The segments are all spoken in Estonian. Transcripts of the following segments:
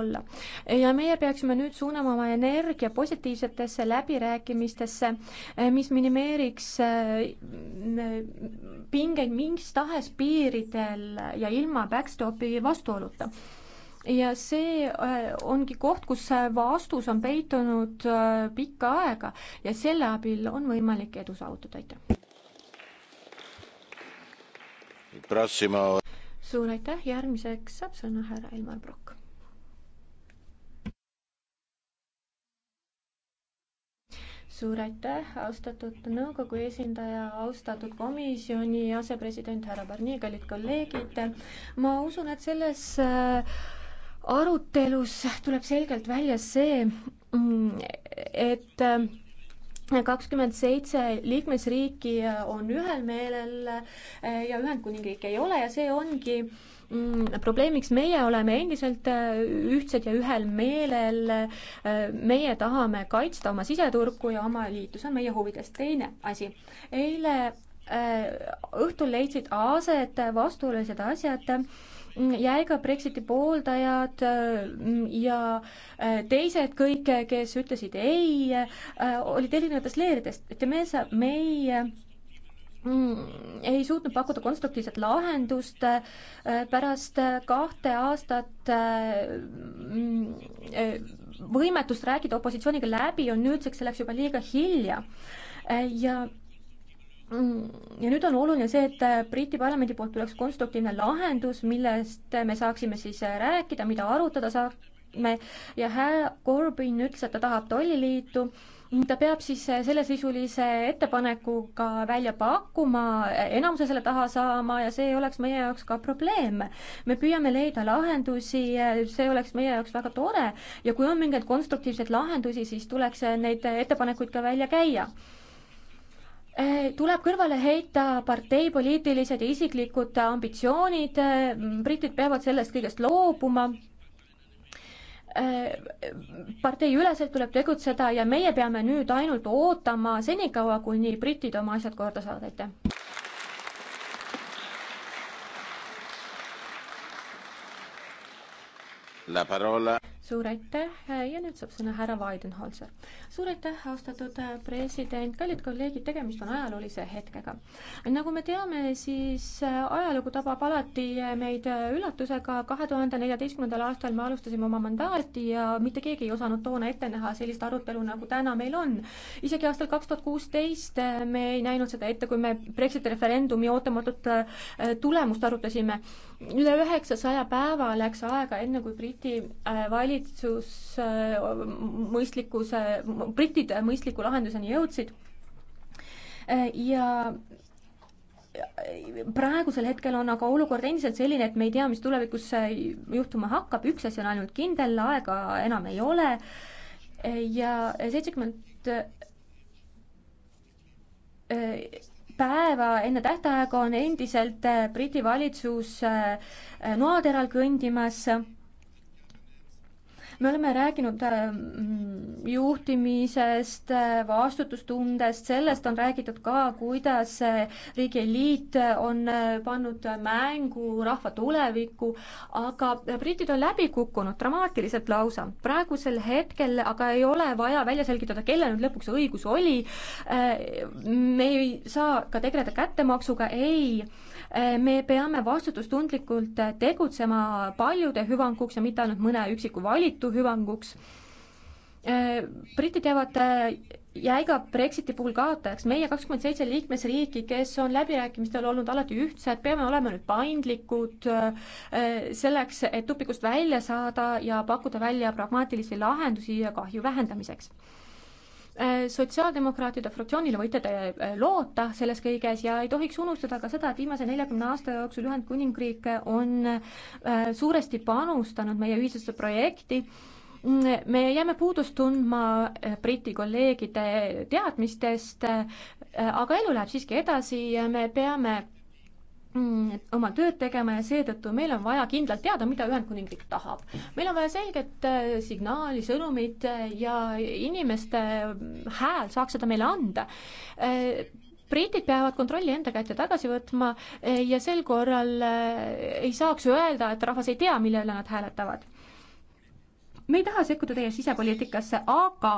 olla. ja meie peaksime nüüd suunama oma energia positiivsetesse läbirääkimistesse, eh, mis minimeeriks eh, pingeid mis tahes piiridel ja ilma backstopi vastuoluta ja see eh, ongi koht, kus vastus on peitunud pikka aega ja selle abil on võimalik edu saavutada, aitäh. suur aitäh, järgmiseks saab sõna härra Elmar Brokk. suur aitäh, austatud nõukogu esindaja, austatud komisjoni asepresident härra Barnier, kallid kolleegid. ma usun, et selles äh, arutelus tuleb selgelt välja see, mm, et äh, kakskümmend seitse liikmesriiki on ühel meelel äh, ja Ühendkuningriik ei ole ja see ongi äh, Mm, probleemiks, meie oleme endiselt äh, ühtsed ja ühel meelel, äh, meie tahame kaitsta oma siseturgu ja oma liitu, see on meie huvides. teine asi, eile äh, õhtul leidsid aset vastuolulised asjad mm, jäi ka Brexiti pooldajad ja teised kõik, kes ütlesid ei, olid erinevatest leeridest. ütleme, meie Mm, ei suutnud pakkuda konstruktiivset lahendust äh, pärast kahte aastat äh, mm, äh, võimetust rääkida opositsiooniga läbi, on nüüdseks selleks juba liiga hilja ja mm, ja nüüd on oluline see, et Briti parlamendi poolt tuleks konstruktiivne lahendus, millest me saaksime siis rääkida, mida arutada saame ja härra Corbyn ütles, et ta tahab tolliliitu äh, ta peab siis eh, sellesisulise ettepanekuga välja pakkuma, eh, enamuse selle taha saama ja see oleks meie jaoks ka probleem. me püüame leida lahendusi, eh, see oleks meie jaoks väga tore ja kui on mingeid konstruktiivseid lahendusi, siis tuleks neid ettepanekuid ka välja käia tuleb kõrvale heita parteipoliitilised ja isiklikud ambitsioonid, britid peavad sellest kõigest loobuma Äh, parteiüleselt tuleb tegutseda ja meie peame nüüd ainult ootama senikaua, kuni britid oma asjad korda saavad, aitäh. suur aitäh ja nüüd saab sõna härra Weidenholzer. suur aitäh, austatud äh, president, kallid kolleegid, tegemist on ajaloolise hetkega. nagu me teame, siis äh, ajalugu tabab alati äh, meid üllatusega, kahe tuhande neljateistkümnendal aastal me alustasime oma mandaati ja mitte keegi ei osanud toona ette näha sellist arutelu, nagu täna meil on. isegi aastal kaks tuhat kuusteist me ei näinud seda ette, kui me Brexiti referendumi ootamatut tulemust arutasime üle üheksasaja päeva läks aega, enne kui Briti äh, valitsus äh, mõistlikkuse, britid mõistliku lahenduseni jõudsid. Äh, ja praegusel hetkel on aga olukord endiselt selline, et me ei tea, mis tulevikus juhtuma hakkab, üks asi on ainult kindel, aega enam ei ole ja seitsekümmend 70 päeva enne tähtaega on endiselt äh, Briti valitsus äh, äh, noateral kõndimas me oleme rääkinud äh, mm, juhtimisest, äh, vastutustundest, sellest on räägitud ka, kuidas äh, riigieliit on pannud mängu rahva tulevikku, aga britid on läbi kukkunud dramaatiliselt lausa. praegusel hetkel aga ei ole vaja välja selgitada, kellel nüüd lõpuks õigus oli, me ei saa ka tegeleda kättemaksuga, ei, me peame vastutustundlikult tegutsema paljude hüvanguks ja mitte ainult mõne üksiku valitu Liidu hüvanguks. Äh, britid jäävad äh, jäiga Brexiti puhul kaotajaks, meie kakskümmend seitse liikmesriiki, kes on läbirääkimistel olnud alati ühtsed, peame olema nüüd paindlikud äh, selleks, et tupikust välja saada ja pakkuda välja pragmaatilisi lahendusi kahju vähendamiseks Äh, sotsiaaldemokraatide fraktsioonile võite te äh, loota selles kõiges ja ei tohiks unustada ka seda, et viimase neljakümne aasta jooksul Ühendkuningriik on äh, suuresti panustanud meie ühisesse projekti. me jääme puudust tundma Briti kolleegide teadmistest, aga elu läheb siiski edasi ja me peame Mm, oma tööd tegema ja seetõttu meil on vaja kindlalt teada, mida Ühendkuningriik tahab. meil on vaja selget äh, signaali, sõnumit äh, ja inimeste äh, hääl saaks seda meile anda britid peavad kontrolli enda kätte tagasi võtma ja sel korral ei saaks öelda, et rahvas ei tea, mille üle nad hääletavad. me ei taha sekkuda teie sisepoliitikasse, aga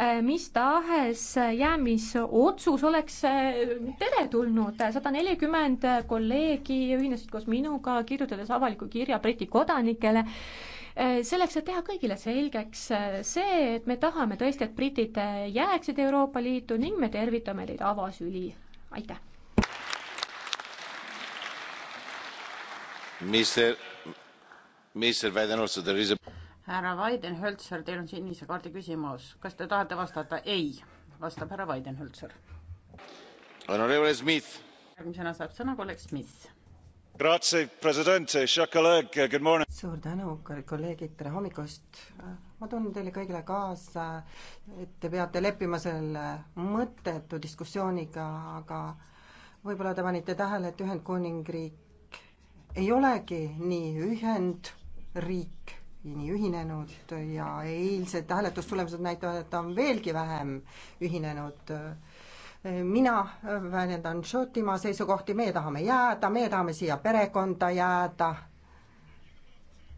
Äh, mis tahes äh, jäämisotsus oleks äh, teretulnud. sada nelikümmend kolleegi ühinesid koos minuga, kirjutades avaliku kirja Briti kodanikele selleks, et teha kõigile selgeks see, et me tahame tõesti, et britid jääksid Euroopa Liitu ning me tervitame teid avasüli, aitäh. Mister, Mister Weidenholzer, there is a härra Weidenhölzer, teil on sinise kaardi küsimus, kas te tahate vastata? ei, vastab härra Weidenhölzer. Honorable Smith. järgmisena saab sõna kolleeg Smith. Grazie, president, good morning. suur tänu, kolleegid, tere hommikust. ma tunnen teile kõigile kaasa, et te peate leppima selle mõttetu diskussiooniga, aga võib-olla te panite tähele, et Ühendkuningriik ei olegi nii ühendriik nii ühinenud ja eilsed hääletustulemused näitavad, et ta on veelgi vähem ühinenud. mina väljendan Šotimaa seisukohti, meie tahame jääda, meie tahame siia perekonda jääda.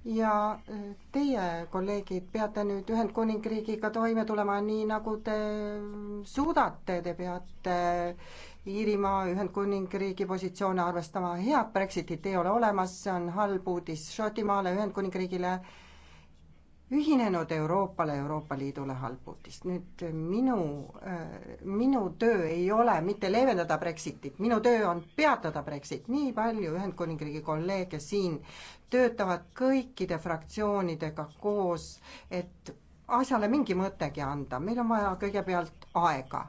ja teie, kolleegid, peate nüüd Ühendkuningriigiga toime tulema nii, nagu te suudate, te peate Iirimaa, Ühendkuningriigi positsioone arvestama, head Brexitit ei ole olemas, see on halb uudis Šotimaale, Ühendkuningriigile ühinenud Euroopale, Euroopa Liidule halb uudis. nüüd minu, äh, minu töö ei ole mitte leevendada Brexitit, minu töö on peatada Brexit. nii palju Ühendkuningriigi kolleege siin töötavad kõikide fraktsioonidega koos, et asjale mingi mõttegi anda, meil on vaja kõigepealt aega.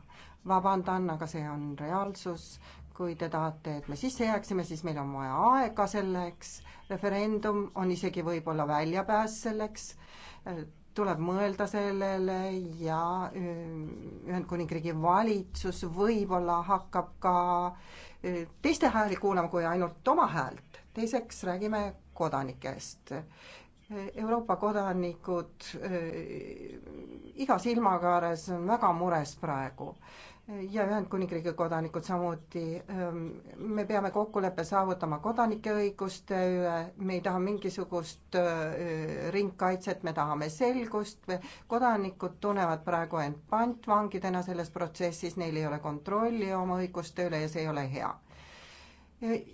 vabandan, aga see on reaalsus, kui te tahate, et me sisse jääksime, siis meil on vaja aega selleks, referendum on isegi võib-olla väljapääs selleks tuleb mõelda sellele ja äh, Ühendkuningriigi valitsus võib-olla hakkab ka äh, teiste hääli kuulama kui ainult oma häält. teiseks räägime kodanikest. Euroopa kodanikud äh, igas ilmakaares on väga mures praegu ja Ühendkuningriigi kodanikud samuti. Ehm, me peame kokkuleppe saavutama kodanike õiguste üle, me ei taha mingisugust ringkaitset, me tahame selgust, kodanikud tunnevad praegu end pantvangidena selles protsessis, neil ei ole kontrolli oma õiguste üle ja see ei ole hea. Ehm,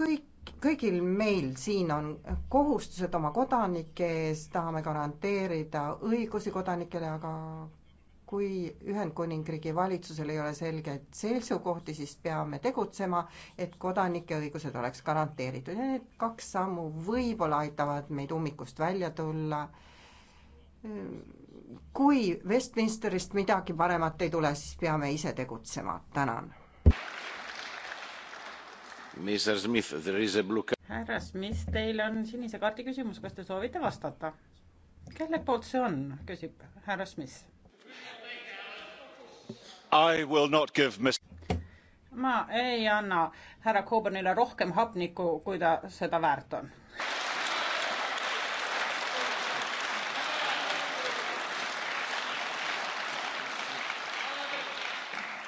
kõik kõigil meil siin on kohustused oma kodanike ees, tahame garanteerida õigusi kodanikele, aga kui Ühendkuningriigi valitsusel ei ole selgeid seisukohti, siis peame tegutsema, et kodanike õigused oleks garanteeritud ja need kaks sammu võib-olla aitavad meid ummikust välja tulla. kui Westminsterist midagi paremat ei tule, siis peame ise tegutsema, tänan. härra Smith, teil on sinise kaardi küsimus, kas te soovite vastata? kelle poolt see on, küsib härra Smith I will not give mis- ma ei anna härra Coburnile rohkem hapnikku, kui ta seda väärt on.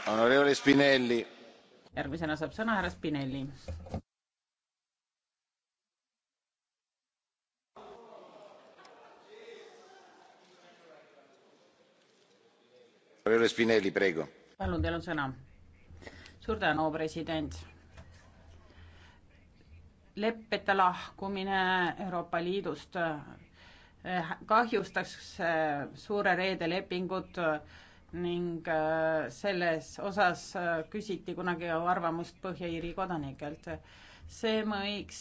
Honorevole Spinelli. järgmisena saab sõna härra Spinelli. Honorevole Spinelli, prego palun, teil on sõna. suur tänu, president. leppeta lahkumine Euroopa Liidust eh, kahjustaks eh, suure reede lepingut eh, ning selles osas küsiti kunagi arvamust Põhja-Iiri kodanikelt. see võiks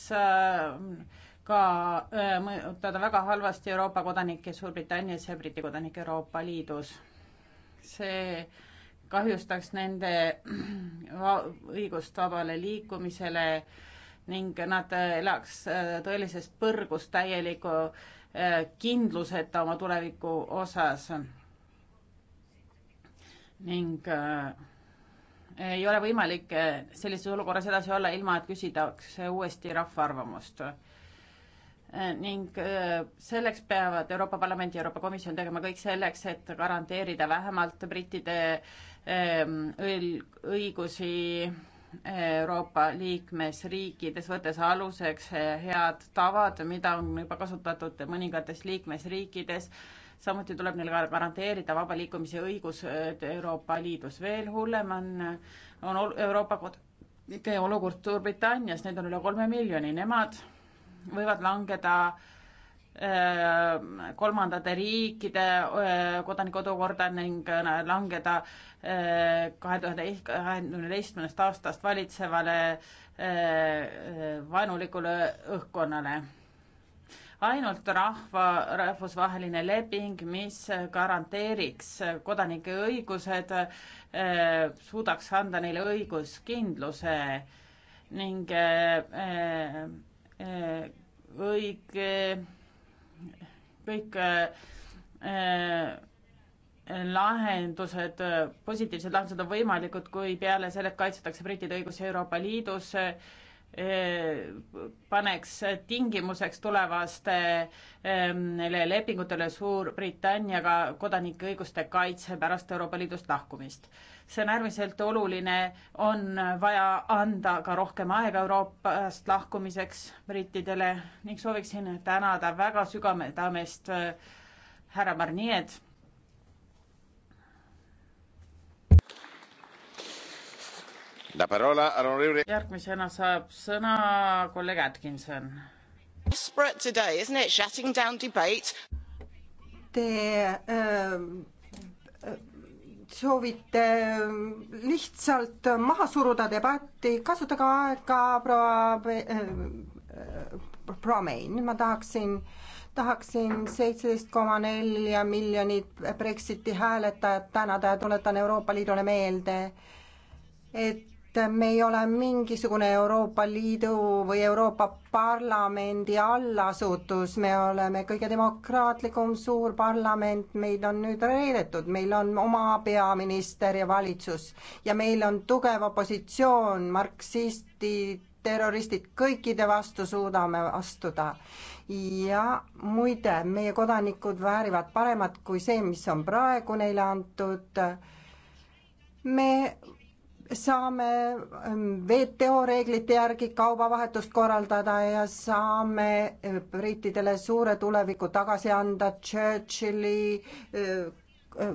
ka mõjutada väga halvasti Euroopa kodanikke Suurbritannias ja Briti kodanikke Euroopa Liidus. see äh, kahjustaks nende õigust vabale liikumisele ning nad elaks äh, tõelises põrgus täieliku äh, kindluseta oma tuleviku osas. ning äh, ei ole võimalik sellises olukorras edasi olla, ilma et küsitaks uuesti rahva arvamust ning selleks peavad Euroopa Parlament ja Euroopa Komisjon tegema kõik selleks, et garanteerida vähemalt brittide Ähm, õigusi äh, Euroopa liikmesriikides, võttes aluseks äh, head tavad, mida on juba kasutatud mõningates liikmesriikides. samuti tuleb neile garanteerida vaba liikumise õigus Euroopa Liidus. veel hullem on, on Euroopa kodanike olukord Suurbritannias, neid on üle kolme miljoni, nemad võivad langeda äh, Äh, kolmandate riikide äh, kodanike olukorda ning äh, langeda kahe tuhande kahekümneteistkümnest aastast valitsevale vaenulikule õhkkonnale. ainult rahva, rahvusvaheline leping, mis garanteeriks kodanike õigused, suudaks anda neile õiguskindluse ning õige kõik äh, äh, lahendused, äh, positiivsed lahendused on võimalikud, kui peale selle kaitsetakse brittide õigusi Euroopa Liidus Eh, paneks tingimuseks tulevastele eh, lepingutele Suurbritanniaga kodanike õiguste kaitse pärast Euroopa Liidust lahkumist. see on äärmiselt oluline, on vaja anda ka rohkem aega Euroopast lahkumiseks brittidele ning sooviksin tänada väga sügavamest eh, härra Barniet järgmisena saab sõna kolleeg Atkinson. Te äh, soovite äh, lihtsalt maha suruda debatti, kasutage aega proua äh, proua Mein, ma tahaksin tahaksin seitseteist koma nelja miljonit Brexiti hääletajat tänada ja tuletan Euroopa Liidule meelde, et me ei ole mingisugune Euroopa Liidu või Euroopa Parlamendi allasutus, me oleme kõige demokraatlikum suur parlament, meid on nüüd reedetud, meil on oma peaminister ja valitsus ja meil on tugev opositsioon, marksistid, terroristid, kõikide vastu suudame astuda. ja muide, meie kodanikud väärivad paremat kui see, mis on praegu neile antud. me saame ähm, WTO reeglite järgi kaubavahetust korraldada ja saame äh, brittidele suure tuleviku tagasi anda Churchilli äh, äh,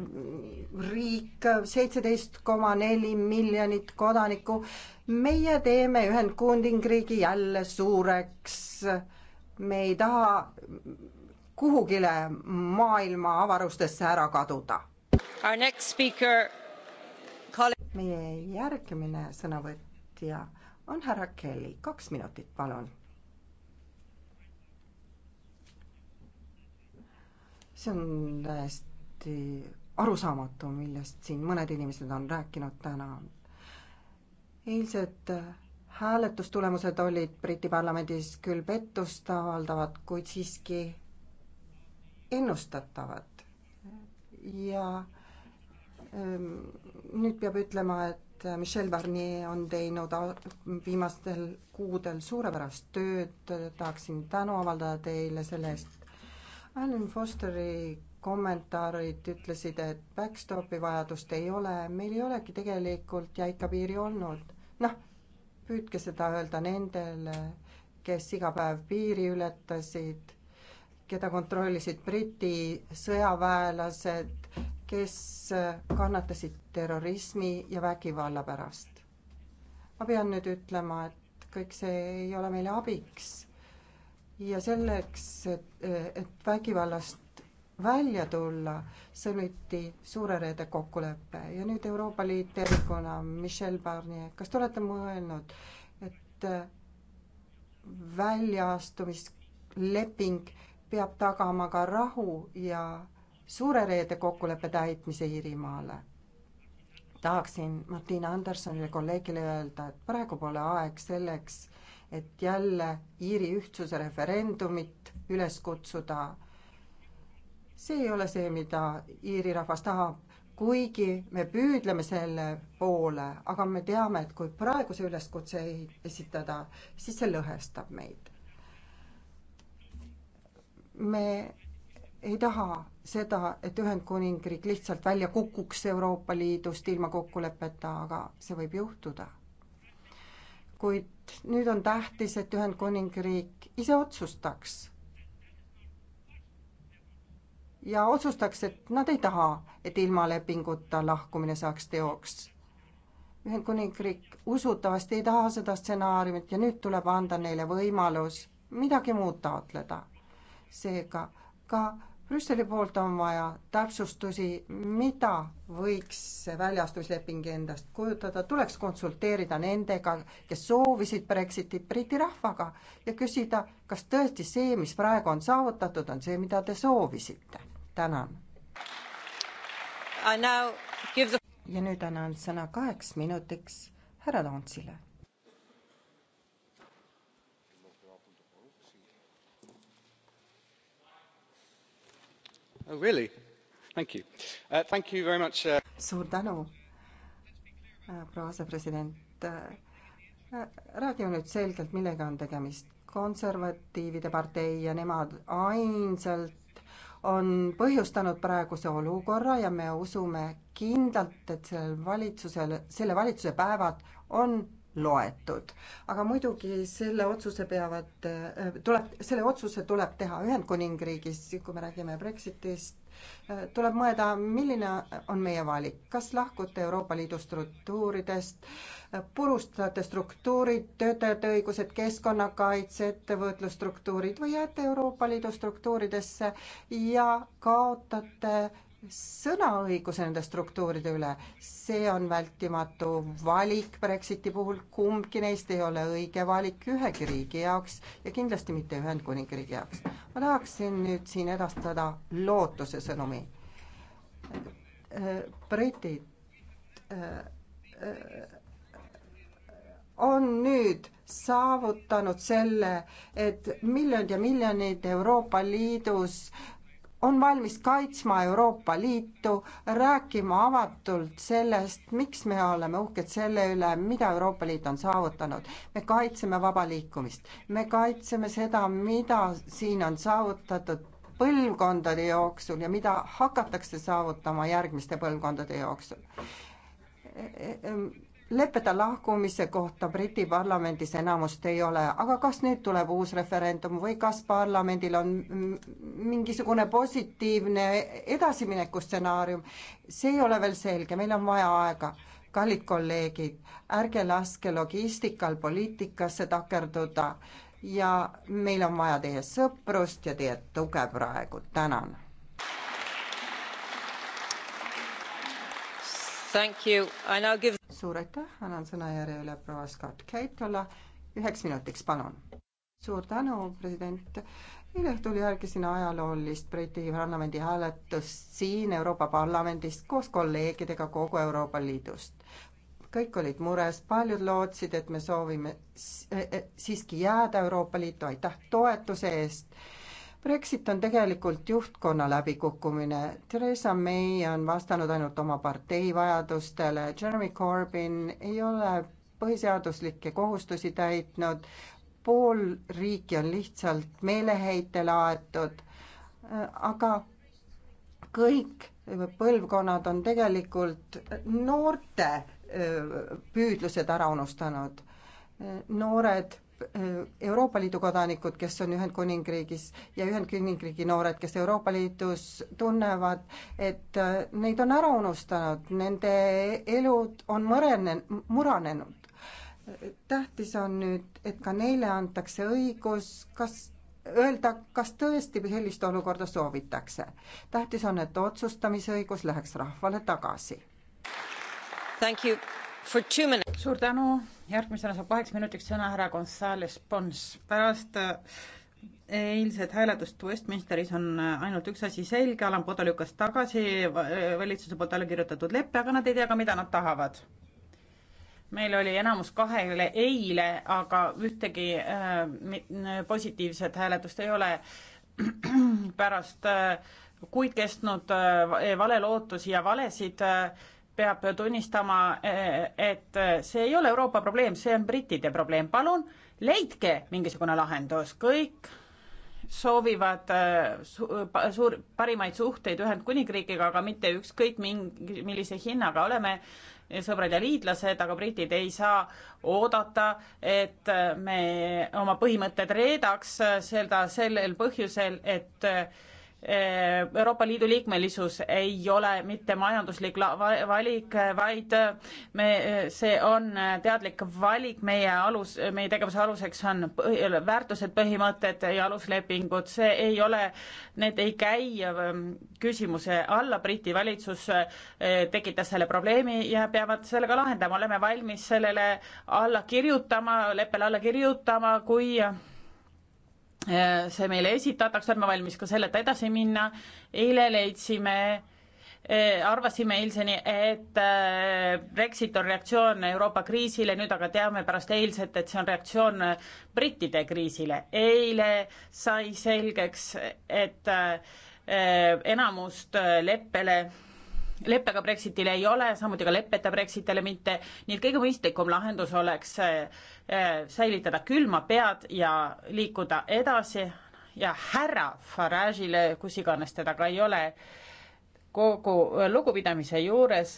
riik, seitseteist koma neli miljonit kodanikku. meie teeme Ühendkuningriigi jälle suureks. me ei taha kuhugile maailma avarustesse ära kaduda. Our next speaker meie järgmine sõnavõtja on härra Kelly, kaks minutit, palun. see on täiesti arusaamatu, millest siin mõned inimesed on rääkinud täna. eilsed hääletustulemused olid Briti parlamendis küll pettust avaldavad, kuid siiski ennustatavad ja äh, Ehm, nüüd peab ütlema, et äh, Michel Barnier on teinud viimastel kuudel suurepärast tööd, tahaksin tänu avaldada teile selle eest. Alan Fosteri kommentaarid ütlesid, et backstopi vajadust ei ole, meil ei olegi tegelikult jäika piiri olnud. noh, püüdke seda öelda nendele, kes iga päev piiri ületasid, keda kontrollisid Briti sõjaväelased, kes kannatasid terrorismi ja vägivalla pärast. ma pean nüüd ütlema, et kõik see ei ole meile abiks. ja selleks, et, et vägivallast välja tulla, sõlmiti suure reede kokkulepe ja nüüd Euroopa Liit tervikuna, Michel Barnier, kas te olete mõelnud, et väljaastumisleping peab tagama ka rahu ja suure reede kokkuleppe täitmise Iirimaale. tahaksin Martina Andersonile, kolleegile öelda, et praegu pole aeg selleks, et jälle Iiri ühtsuse referendumit üles kutsuda. see ei ole see, mida Iiri rahvas tahab, kuigi me püüdleme selle poole, aga me teame, et kui praegu see üleskutse ei esitada, siis see lõhestab meid. me ei taha seda, et Ühendkuningriik lihtsalt välja kukuks Euroopa Liidust ilma kokkuleppeta, aga see võib juhtuda. kuid nüüd on tähtis, et Ühendkuningriik ise otsustaks. ja otsustaks, et nad ei taha, et ilma lepinguta lahkumine saaks teoks. Ühendkuningriik usutavasti ei taha seda stsenaariumit ja nüüd tuleb anda neile võimalus midagi muud taotleda. seega ka Brüsseli poolt on vaja täpsustusi, mida võiks see väljastusleping endast kujutada, tuleks konsulteerida nendega, kes soovisid Brexitit Briti rahvaga ja küsida, kas tõesti see, mis praegu on saavutatud, on see, mida te soovisite. tänan. ja nüüd annan sõna kaheks minutiks härra Tootsile Oh, really? Thank you. Uh, thank you very much uh.... suur tänu, uh, proua asepresident. Uh, uh, räägime nüüd selgelt, millega on tegemist. konservatiivide partei ja nemad ainsalt on põhjustanud praeguse olukorra ja me usume kindlalt, et sellel valitsusel, selle valitsuse päevad on loetud. aga muidugi selle otsuse peavad, äh, tuleb, selle otsuse tuleb teha Ühendkuningriigis, kui me räägime Brexitist, äh, tuleb mõelda, milline on meie valik, kas lahkuda Euroopa Liidu struktuuridest, äh, purustate struktuurid, töötajate õigused, keskkonnakaitse, ettevõtlusstruktuurid või jääte Euroopa Liidu struktuuridesse ja kaotate sõnaõiguse nende struktuuride üle, see on vältimatu valik Brexiti puhul, kumbki neist ei ole õige valik ühegi riigi jaoks ja kindlasti mitte Ühendkuningriigi jaoks. ma tahaksin nüüd siin edastada lootuse sõnumi. britid äh, äh, äh, on nüüd saavutanud selle, et miljonid ja miljonid Euroopa Liidus äh, on valmis kaitsma Euroopa Liitu, rääkima avatult sellest, miks me oleme uhked selle üle, mida Euroopa Liit on saavutanud. me kaitseme vaba liikumist, me kaitseme seda, mida siin on saavutatud põlvkondade jooksul ja mida hakatakse saavutama järgmiste põlvkondade jooksul e, e, e, lepete lahkumise kohta Briti parlamendis enamust ei ole, aga kas nüüd tuleb uus referendum või kas parlamendil on mingisugune positiivne edasimineku stsenaarium, see ei ole veel selge, meil on vaja aega. kallid kolleegid, ärge laske logistikal poliitikasse takerduda ja meil on vaja teie sõprust ja teie tuge praegu, tänan. Thank you, I now give suur aitäh, annan sõnajärje üle proua Scott Keitole, üheks minutiks, palun. suur tänu, president. eile õhtul järgisin ajaloolist Briti parlamendi hääletust siin Euroopa Parlamendis koos kolleegidega kogu Euroopa Liidust. kõik olid mures, paljud lootsid, et me soovime e-, e-, siiski jääda Euroopa Liitu, aitäh toetuse eest Brexit on tegelikult juhtkonna läbikukkumine. Theresa May on vastanud ainult oma partei vajadustele, Jeremy Corbyn ei ole põhiseaduslikke kohustusi täitnud, pool riiki on lihtsalt meeleheitele aetud, aga kõik põlvkonnad on tegelikult noorte püüdlused ära unustanud. noored Euroopa Liidu kodanikud, kes on Ühendkuningriigis ja Ühendkuningriigi noored, kes Euroopa Liidus tunnevad, et äh, neid on ära unustanud, nende elud on mõrene, muranenud. tähtis on nüüd, et ka neile antakse õigus, kas öelda, kas tõesti sellist olukorda soovitakse. tähtis on, et otsustamisõigus läheks rahvale tagasi. Thank you suur tänu, järgmisena saab kaheks minutiks sõna härra Gonzales Pons. pärast äh, eilset hääletust Westminsteris on äh, ainult üks asi selge, Alan Poda lükkas tagasi äh, valitsuse poolt alla kirjutatud leppe, aga nad ei tea ka, mida nad tahavad. meil oli enamus kahele eile, aga ühtegi äh, positiivset hääletust ei ole pärast äh, kuid kestnud äh, valelootusi ja valesid äh, peab tunnistama, et see ei ole Euroopa probleem, see on brittide probleem, palun leidke mingisugune lahendus, kõik soovivad äh, su-, suur, parimaid suhteid Ühendkuningriigiga, aga mitte ükskõik mingi, millise hinnaga, oleme sõbrad ja liitlased, aga britid ei saa oodata, et me oma põhimõtted reedaks, seda sellel põhjusel, et äh, Eh, Euroopa Liidu liikmelisus ei ole mitte majanduslik valik, vaid me, see on teadlik valik, meie alus, meie tegevuse aluseks on põhi, väärtused, põhimõtted ja aluslepingud, see ei ole, need ei käi ähm, küsimuse alla, Briti valitsus äh, tekitas selle probleemi ja peavad selle ka lahendama, oleme valmis sellele alla kirjutama, leppele alla kirjutama, kui Äh, see meile esitatakse, oleme valmis ka sellega edasi minna. eile leidsime, äh, arvasime eilseni, et äh, Brexit on reaktsioon Euroopa kriisile, nüüd aga teame pärast eilset, et see on reaktsioon brittide kriisile. eile sai selgeks, et enamust leppele leppega Brexitile ei ole, samuti ka leppeta Brexitile mitte, nii et kõige mõistlikum lahendus oleks eh, eh, säilitada külma pead ja liikuda edasi ja härra Farage'ile, kus iganes teda ka ei ole, kogu lugupidamise juures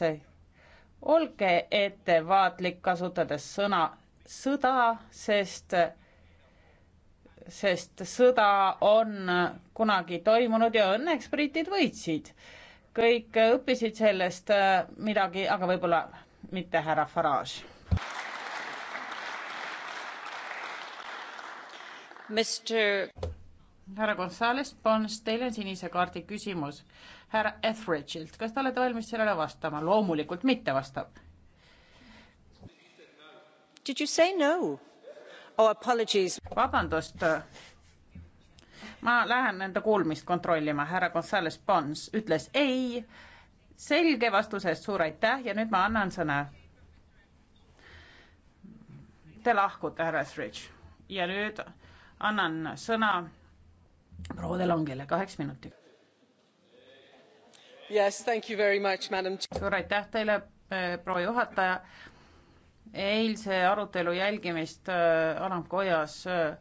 olge ettevaatlik, kasutades sõna sõda, sest sest sõda on kunagi toimunud ja õnneks britid võitsid kõik õppisid sellest äh, midagi, aga võib-olla mitte härra Farage. Mr. härra Gonzales Pons, teil on sinise kaardi küsimus härra Etheridge'ilt, kas te olete valmis sellele vastama? loomulikult mitte vastab. Did you say no? Oh apologies. vabandust ma lähen enda kuulmist kontrollima, härra Gonzales Pons ütles ei, selge vastuse eest suur aitäh ja nüüd ma annan sõna. Te lahkute, härra Etheridge ja nüüd annan sõna proua Delongile kaheks minutiks. Yes, thank you very much, madam. suur aitäh teile, eh, proua juhataja. eilse arutelu jälgimist äh, alamkojas äh,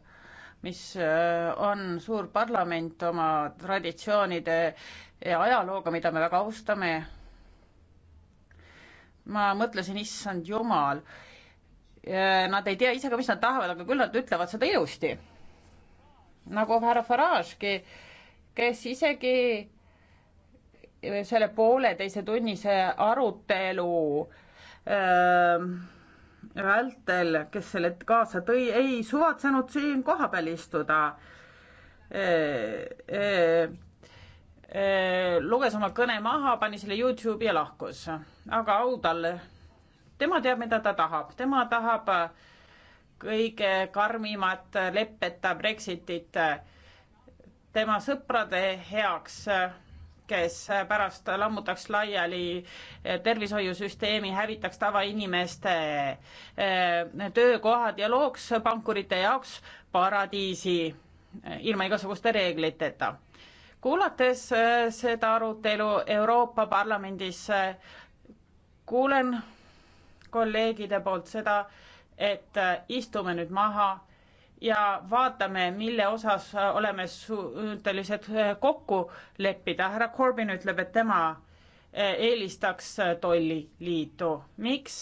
mis äh, on suur parlament oma traditsioonide ja ajalooga, mida me väga austame. ma mõtlesin, issand jumal, äh, nad ei tea ise ka, mis nad tahavad, aga küll nad ütlevad seda ilusti. nagu härra Farage'gi, kes isegi selle pooleteise tunnise arutelu öö, äh, vältel, kes selle kaasa tõi, ei suvatsenud siin kohapeal istuda e,. E, e, luges oma kõne maha, pani selle Youtube'i ja lahkus. aga au talle, tema teab, mida ta tahab, tema tahab kõige karmimat leppeta Brexitit tema sõprade heaks kes pärast lammutaks laiali tervishoiusüsteemi, hävitaks tavainimeste eh, töökohad ja looks pankurite jaoks paradiisi ilma igasuguste reegliteta. kuulates eh, seda arutelu Euroopa Parlamendis, eh, kuulen kolleegide poolt seda, et istume nüüd maha ja vaatame, mille osas äh, oleme suutelised äh, kokku leppida. härra Corbyn ütleb, et tema äh, eelistaks tolliliitu. miks?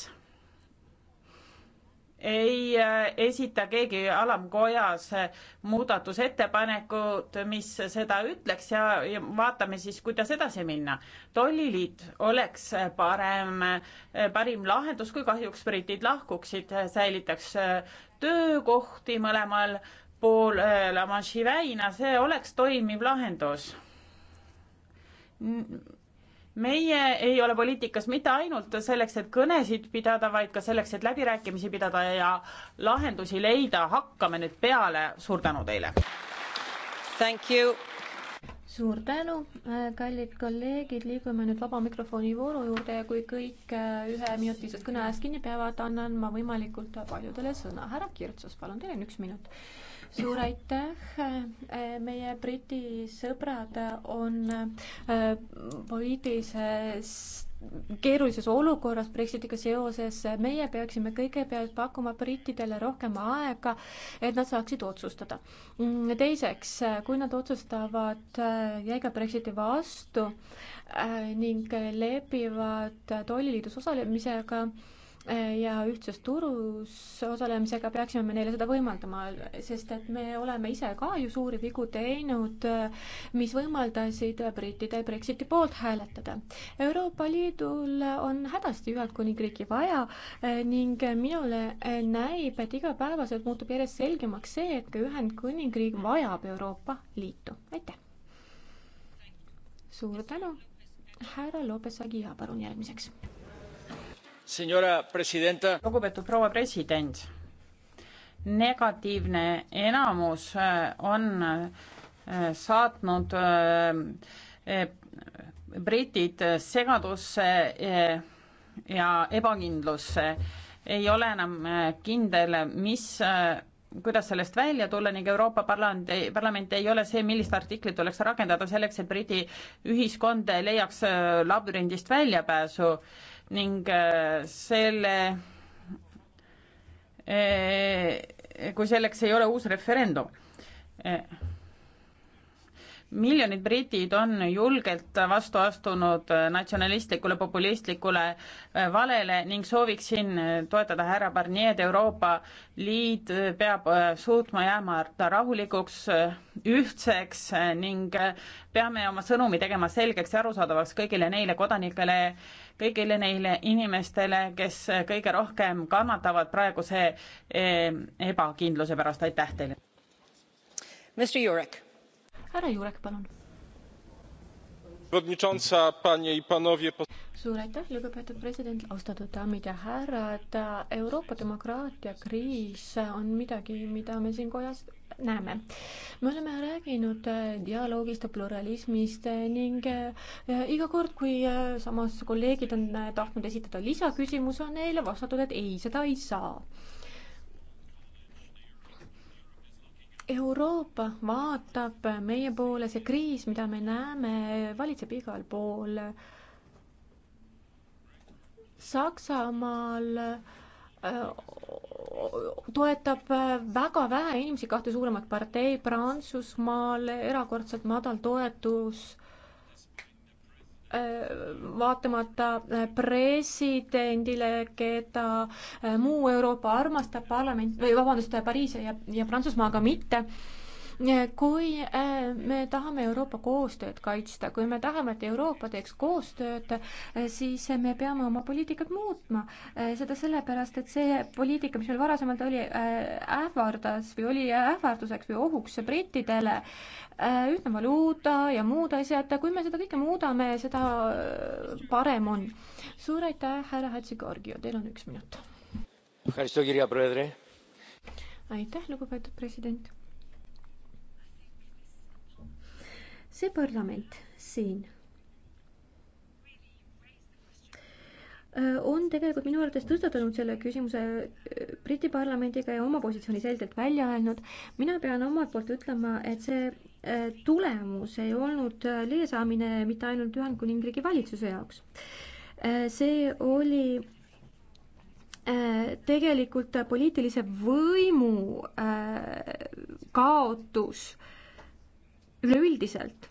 ei äh, esita keegi alamkojas äh, muudatusettepanekut, mis seda ütleks ja, ja vaatame siis, kuidas edasi minna. tolliliit oleks äh, parem, parim lahendus, kui kahjuks britid lahkuksid, säilitaks töökohti mõlemal pool La Manche'i väina, see oleks toimiv lahendus meie ei ole poliitikas mitte ainult selleks, et kõnesid pidada, vaid ka selleks, et läbirääkimisi pidada ja lahendusi leida. hakkame nüüd peale. suur tänu teile. Thank you suur tänu, äh, kallid kolleegid, liigume nüüd vaba mikrofoni vooru juurde ja kui kõik äh, üheminutisest kõne ajast kinni peavad, annan ma võimalikult paljudele sõna. härra Kirtsus, palun, teil on üks minut. suur aitäh, äh, meie Briti sõbrad on poliitilisest keerulises olukorras Brexitiga seoses, meie peaksime kõigepealt pakkuma brittidele rohkem aega, et nad saaksid otsustada. Mm, teiseks, kui nad otsustavad äh, jäiga Brexiti vastu äh, ning lepivad tolliliidus osalemisega, ja ühtses turus osalemisega peaksime me neile seda võimaldama, sest et me oleme ise ka ju suuri vigu teinud, mis võimaldasid brittidel Brexiti poolt hääletada. Euroopa Liidul on hädasti Ühendkuningriiki vaja eh, ning minule eh, näib, et igapäevaselt muutub järjest selgemaks see, et ka Ühendkuningriik vajab Euroopa Liitu. aitäh! suur tänu! härra Lopez Aguilar, palun järgmiseks lugupeetud proua president, negatiivne enamus äh, on äh, saatnud äh, britid segadusse ja ebakindlusse. ei ole enam kindel, mis kuidas sellest välja tulla ning Euroopa Parlament, parlament ei ole see, millist artiklit tuleks rakendada selleks, et Briti ühiskond leiaks labürindist väljapääsu ning äh, selle, äh, kui selleks ei ole uus referendum äh, miljonid britid on julgelt vastu astunud natsionalistlikule, populistlikule äh, valele ning sooviksin äh, toetada härra Barnier'd, Euroopa Liit äh, peab suutma jääma rahulikuks, ühtseks ning peame oma sõnumi tegema selgeks ja arusaadavaks kõigile neile kodanikele, kõigile neile inimestele, kes kõige rohkem kannatavad praeguse ebakindluse pärast, aitäh teile! Mr Jurek härra Jurek, palun. suur aitäh, lugupeetud president, austatud daamid ja härrad. Euroopa demokraatia kriis on midagi, mida me siin kojas näeme. me oleme rääkinud eh, dialoogist ja pluralismist eh, ning eh, iga kord, kui samas kolleegid on tahtnud esitada lisaküsimuse, on neile vastatud, et ei, seda ei saa Euroopa vaatab meie poole, see kriis, mida me näeme, valitseb igal pool. Saksamaal äh, toetab väga vähe inimesi kahte suuremat partei, Prantsusmaal erakordselt madal toetus vaatamata äh, presidendile, keda äh, muu Euroopa armastab, parlament või vabandust, Pariis ja, ja Prantsusmaaga mitte kui äh, me tahame Euroopa koostööd kaitsta, kui me tahame, et Euroopa teeks koostööd, äh, siis me peame oma poliitikat muutma. Äh, seda sellepärast, et see poliitika, mis meil varasemalt oli, ähvardas või oli ähvarduseks või ohuks brittidele, ühtne valuuta ja muud asjad, kui me seda kõike muudame, seda parem on. suur aitäh, härra Hatsi-Georgiev, teil on üks minut. aitäh, lugupeetud president see parlament siin äh, on tegelikult minu arvates tõstatanud selle küsimuse äh, Briti parlamendiga ja oma positsiooni selgelt välja öelnud. mina pean omalt poolt ütlema, et see äh, tulemus ei olnud leesaamine mitte ainult Ühendkuningriigi valitsuse jaoks. see oli tegelikult poliitilise võimu kaotus üleüldiselt.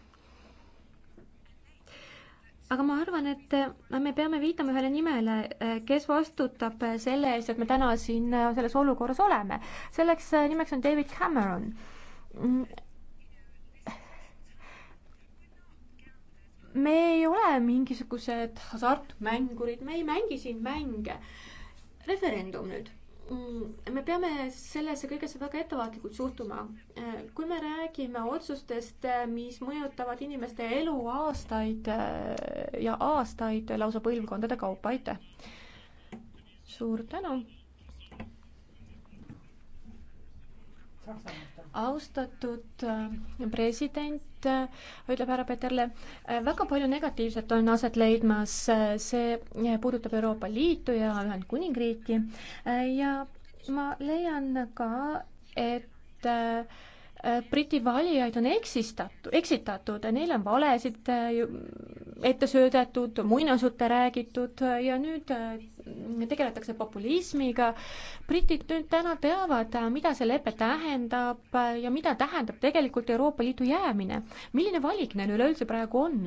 aga ma arvan, et äh, me peame viitama ühele nimele, äh, kes vastutab äh, selle eest, et me täna siin selles olukorras oleme. selleks nimeks on David Cameron mm. me ei ole mingisugused hasartmängurid, me ei mängi siin mänge. referendum nüüd Mm, me peame sellesse kõigesse väga ettevaatlikult suhtuma. Äh, kui me räägime otsustest, äh, mis mõjutavad inimeste elu aastaid äh, ja aastaid lausa põlvkondade kaupa, aitäh! suur tänu! austatud äh, president, äh, ütleb härra Peterle, äh, väga palju negatiivset on aset leidmas, see puudutab Euroopa Liitu ja Ühendkuningriiki ja ma leian ka, et Briti valijaid on eksistatud, eksitatud, neile on valesid äh, ette söödetud, muinasjutte räägitud ja nüüd äh, tegeletakse populismiga. britid nüüd täna teavad, äh, mida see lepe tähendab ja mida tähendab tegelikult Euroopa Liidu jäämine. milline valik neil üleüldse praegu on?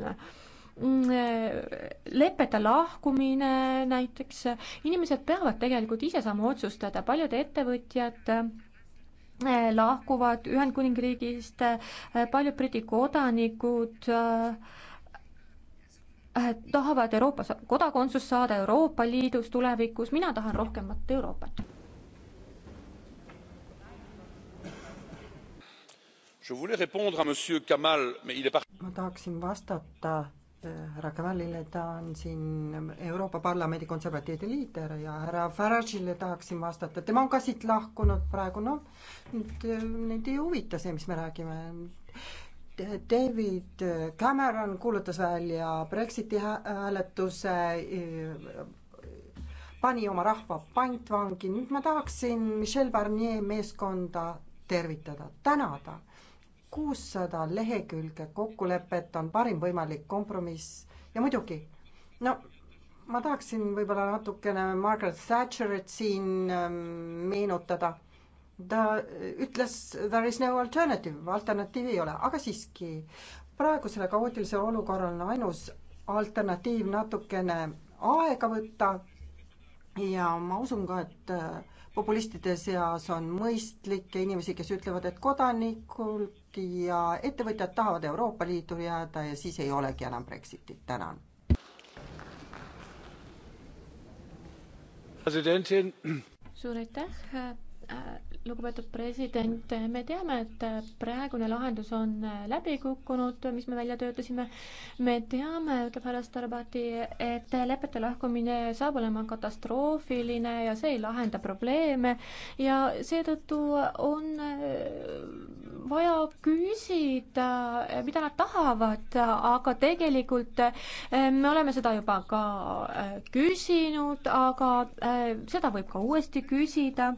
Mm, lepete lahkumine näiteks, inimesed peavad tegelikult ise saama otsustada, paljud ettevõtjad Eh, lahkuvad Ühendkuningriigist, eh, paljud Briti kodanikud eh, tahavad Euroopas kodakondsust saada Euroopa Liidus tulevikus, mina tahan rohkemat Euroopat. ma tahaksin vastata Äh, härra Kamalile, ta on siin Euroopa Parlamendi konservatiivide liider ja härra Farage'ile tahaksin vastata, tema on ka siit lahkunud praegu, noh, nüüd äh, neid ei huvita see, mis me räägime. David Cameron kuulutas välja Brexiti hääletuse, äh, pani oma rahva pantvangi, nüüd ma tahaksin Michel Barnier meeskonda tervitada, tänada kuussada lehekülge kokkulepet on parim võimalik kompromiss ja muidugi, no ma tahaksin võib-olla natukene Margaret Thatcherit siin ähm, meenutada. ta ütles there is no alternative, alternatiivi ei ole, aga siiski praegusele kaootilisele olukorrale on ainus alternatiiv natukene aega võtta. ja ma usun ka, et äh, populistide seas on mõistlikke inimesi, kes ütlevad, et kodanikul ja ettevõtjad tahavad Euroopa Liitu jääda ja siis ei olegi enam Brexitit, tänan. suur aitäh, äh, lugupeetud president, me teame, et praegune lahendus on läbi kukkunud, mis me välja töötasime. me teame, ütleb härra Starbati, et lepete lahkumine saab olema katastroofiline ja see ei lahenda probleeme ja seetõttu on äh, vaja küsida, eh, mida nad tahavad, aga tegelikult eh, me oleme seda juba ka eh, küsinud, aga seda võib ka uuesti küsida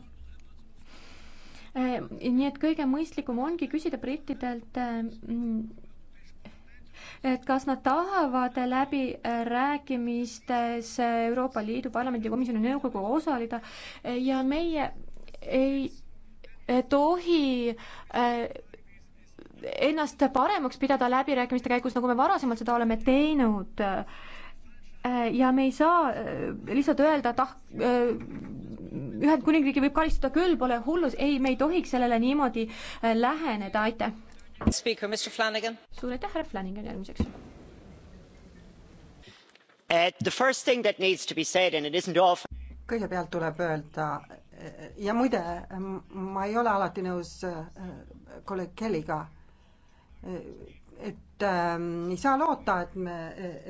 nii et kõige mõistlikum ongi küsida brittidelt, et kas nad tahavad läbirääkimistes Euroopa Liidu Parlamendi komisjoni nõukogu osaleda ja meie ei tohi äh, ennast paremaks pidada läbirääkimiste käigus, nagu me varasemalt seda oleme teinud. Äh, ja me ei saa äh, lihtsalt öelda, et ah, Ühendkuningriigi võib karistada küll, pole hullus, ei, me ei tohiks sellele niimoodi läheneda, aitäh. suur aitäh, härra Flanagan järgmiseks. Uh, kõigepealt tuleb öelda, ja muide, ma ei ole alati nõus äh, kolleeg Kelliga, et ähm, ei saa loota, et me,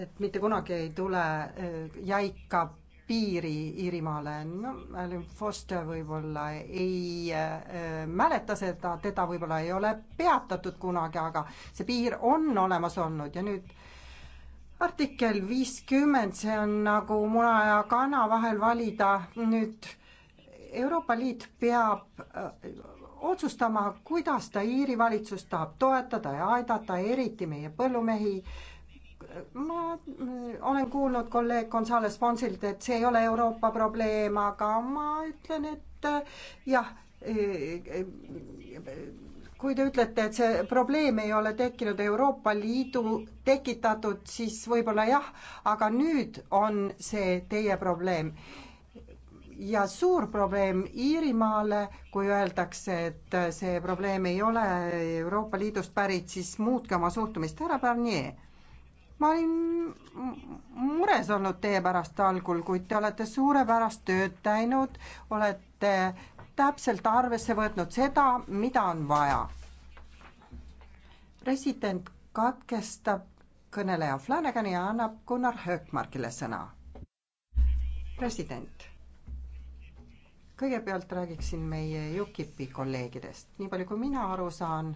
et mitte kunagi ei tule äh, jäika piiri Iirimaale, no Alan Foster võib-olla ei äh, mäleta seda, teda võib-olla ei ole peatatud kunagi, aga see piir on olemas olnud ja nüüd artikkel viiskümmend, see on nagu muna ja kana vahel valida, nüüd Euroopa Liit peab äh, otsustama, kuidas ta Iiri valitsust tahab toetada ja aidata, eriti meie põllumehi. ma äh, olen kuulnud kolleeg Gonzales Fonsilt, et see ei ole Euroopa probleem, aga ma ütlen, et äh, jah, kui te ütlete, et see probleem ei ole tekkinud Euroopa Liidu tekitatud, siis võib-olla jah, aga nüüd on see teie probleem ja suur probleem Iirimaale, kui öeldakse, et see probleem ei ole Euroopa Liidust pärit, siis muutke oma suhtumist, härra Barnier. ma olin mures olnud teie pärast algul, kuid te olete suurepärast tööd teinud, olete täpselt arvesse võtnud seda, mida on vaja. president katkestab kõneleja Flanagani ja annab Gunnar Höökmarkile sõna. president kõigepealt räägiksin meie UKIP-i kolleegidest. nii palju, kui mina aru saan,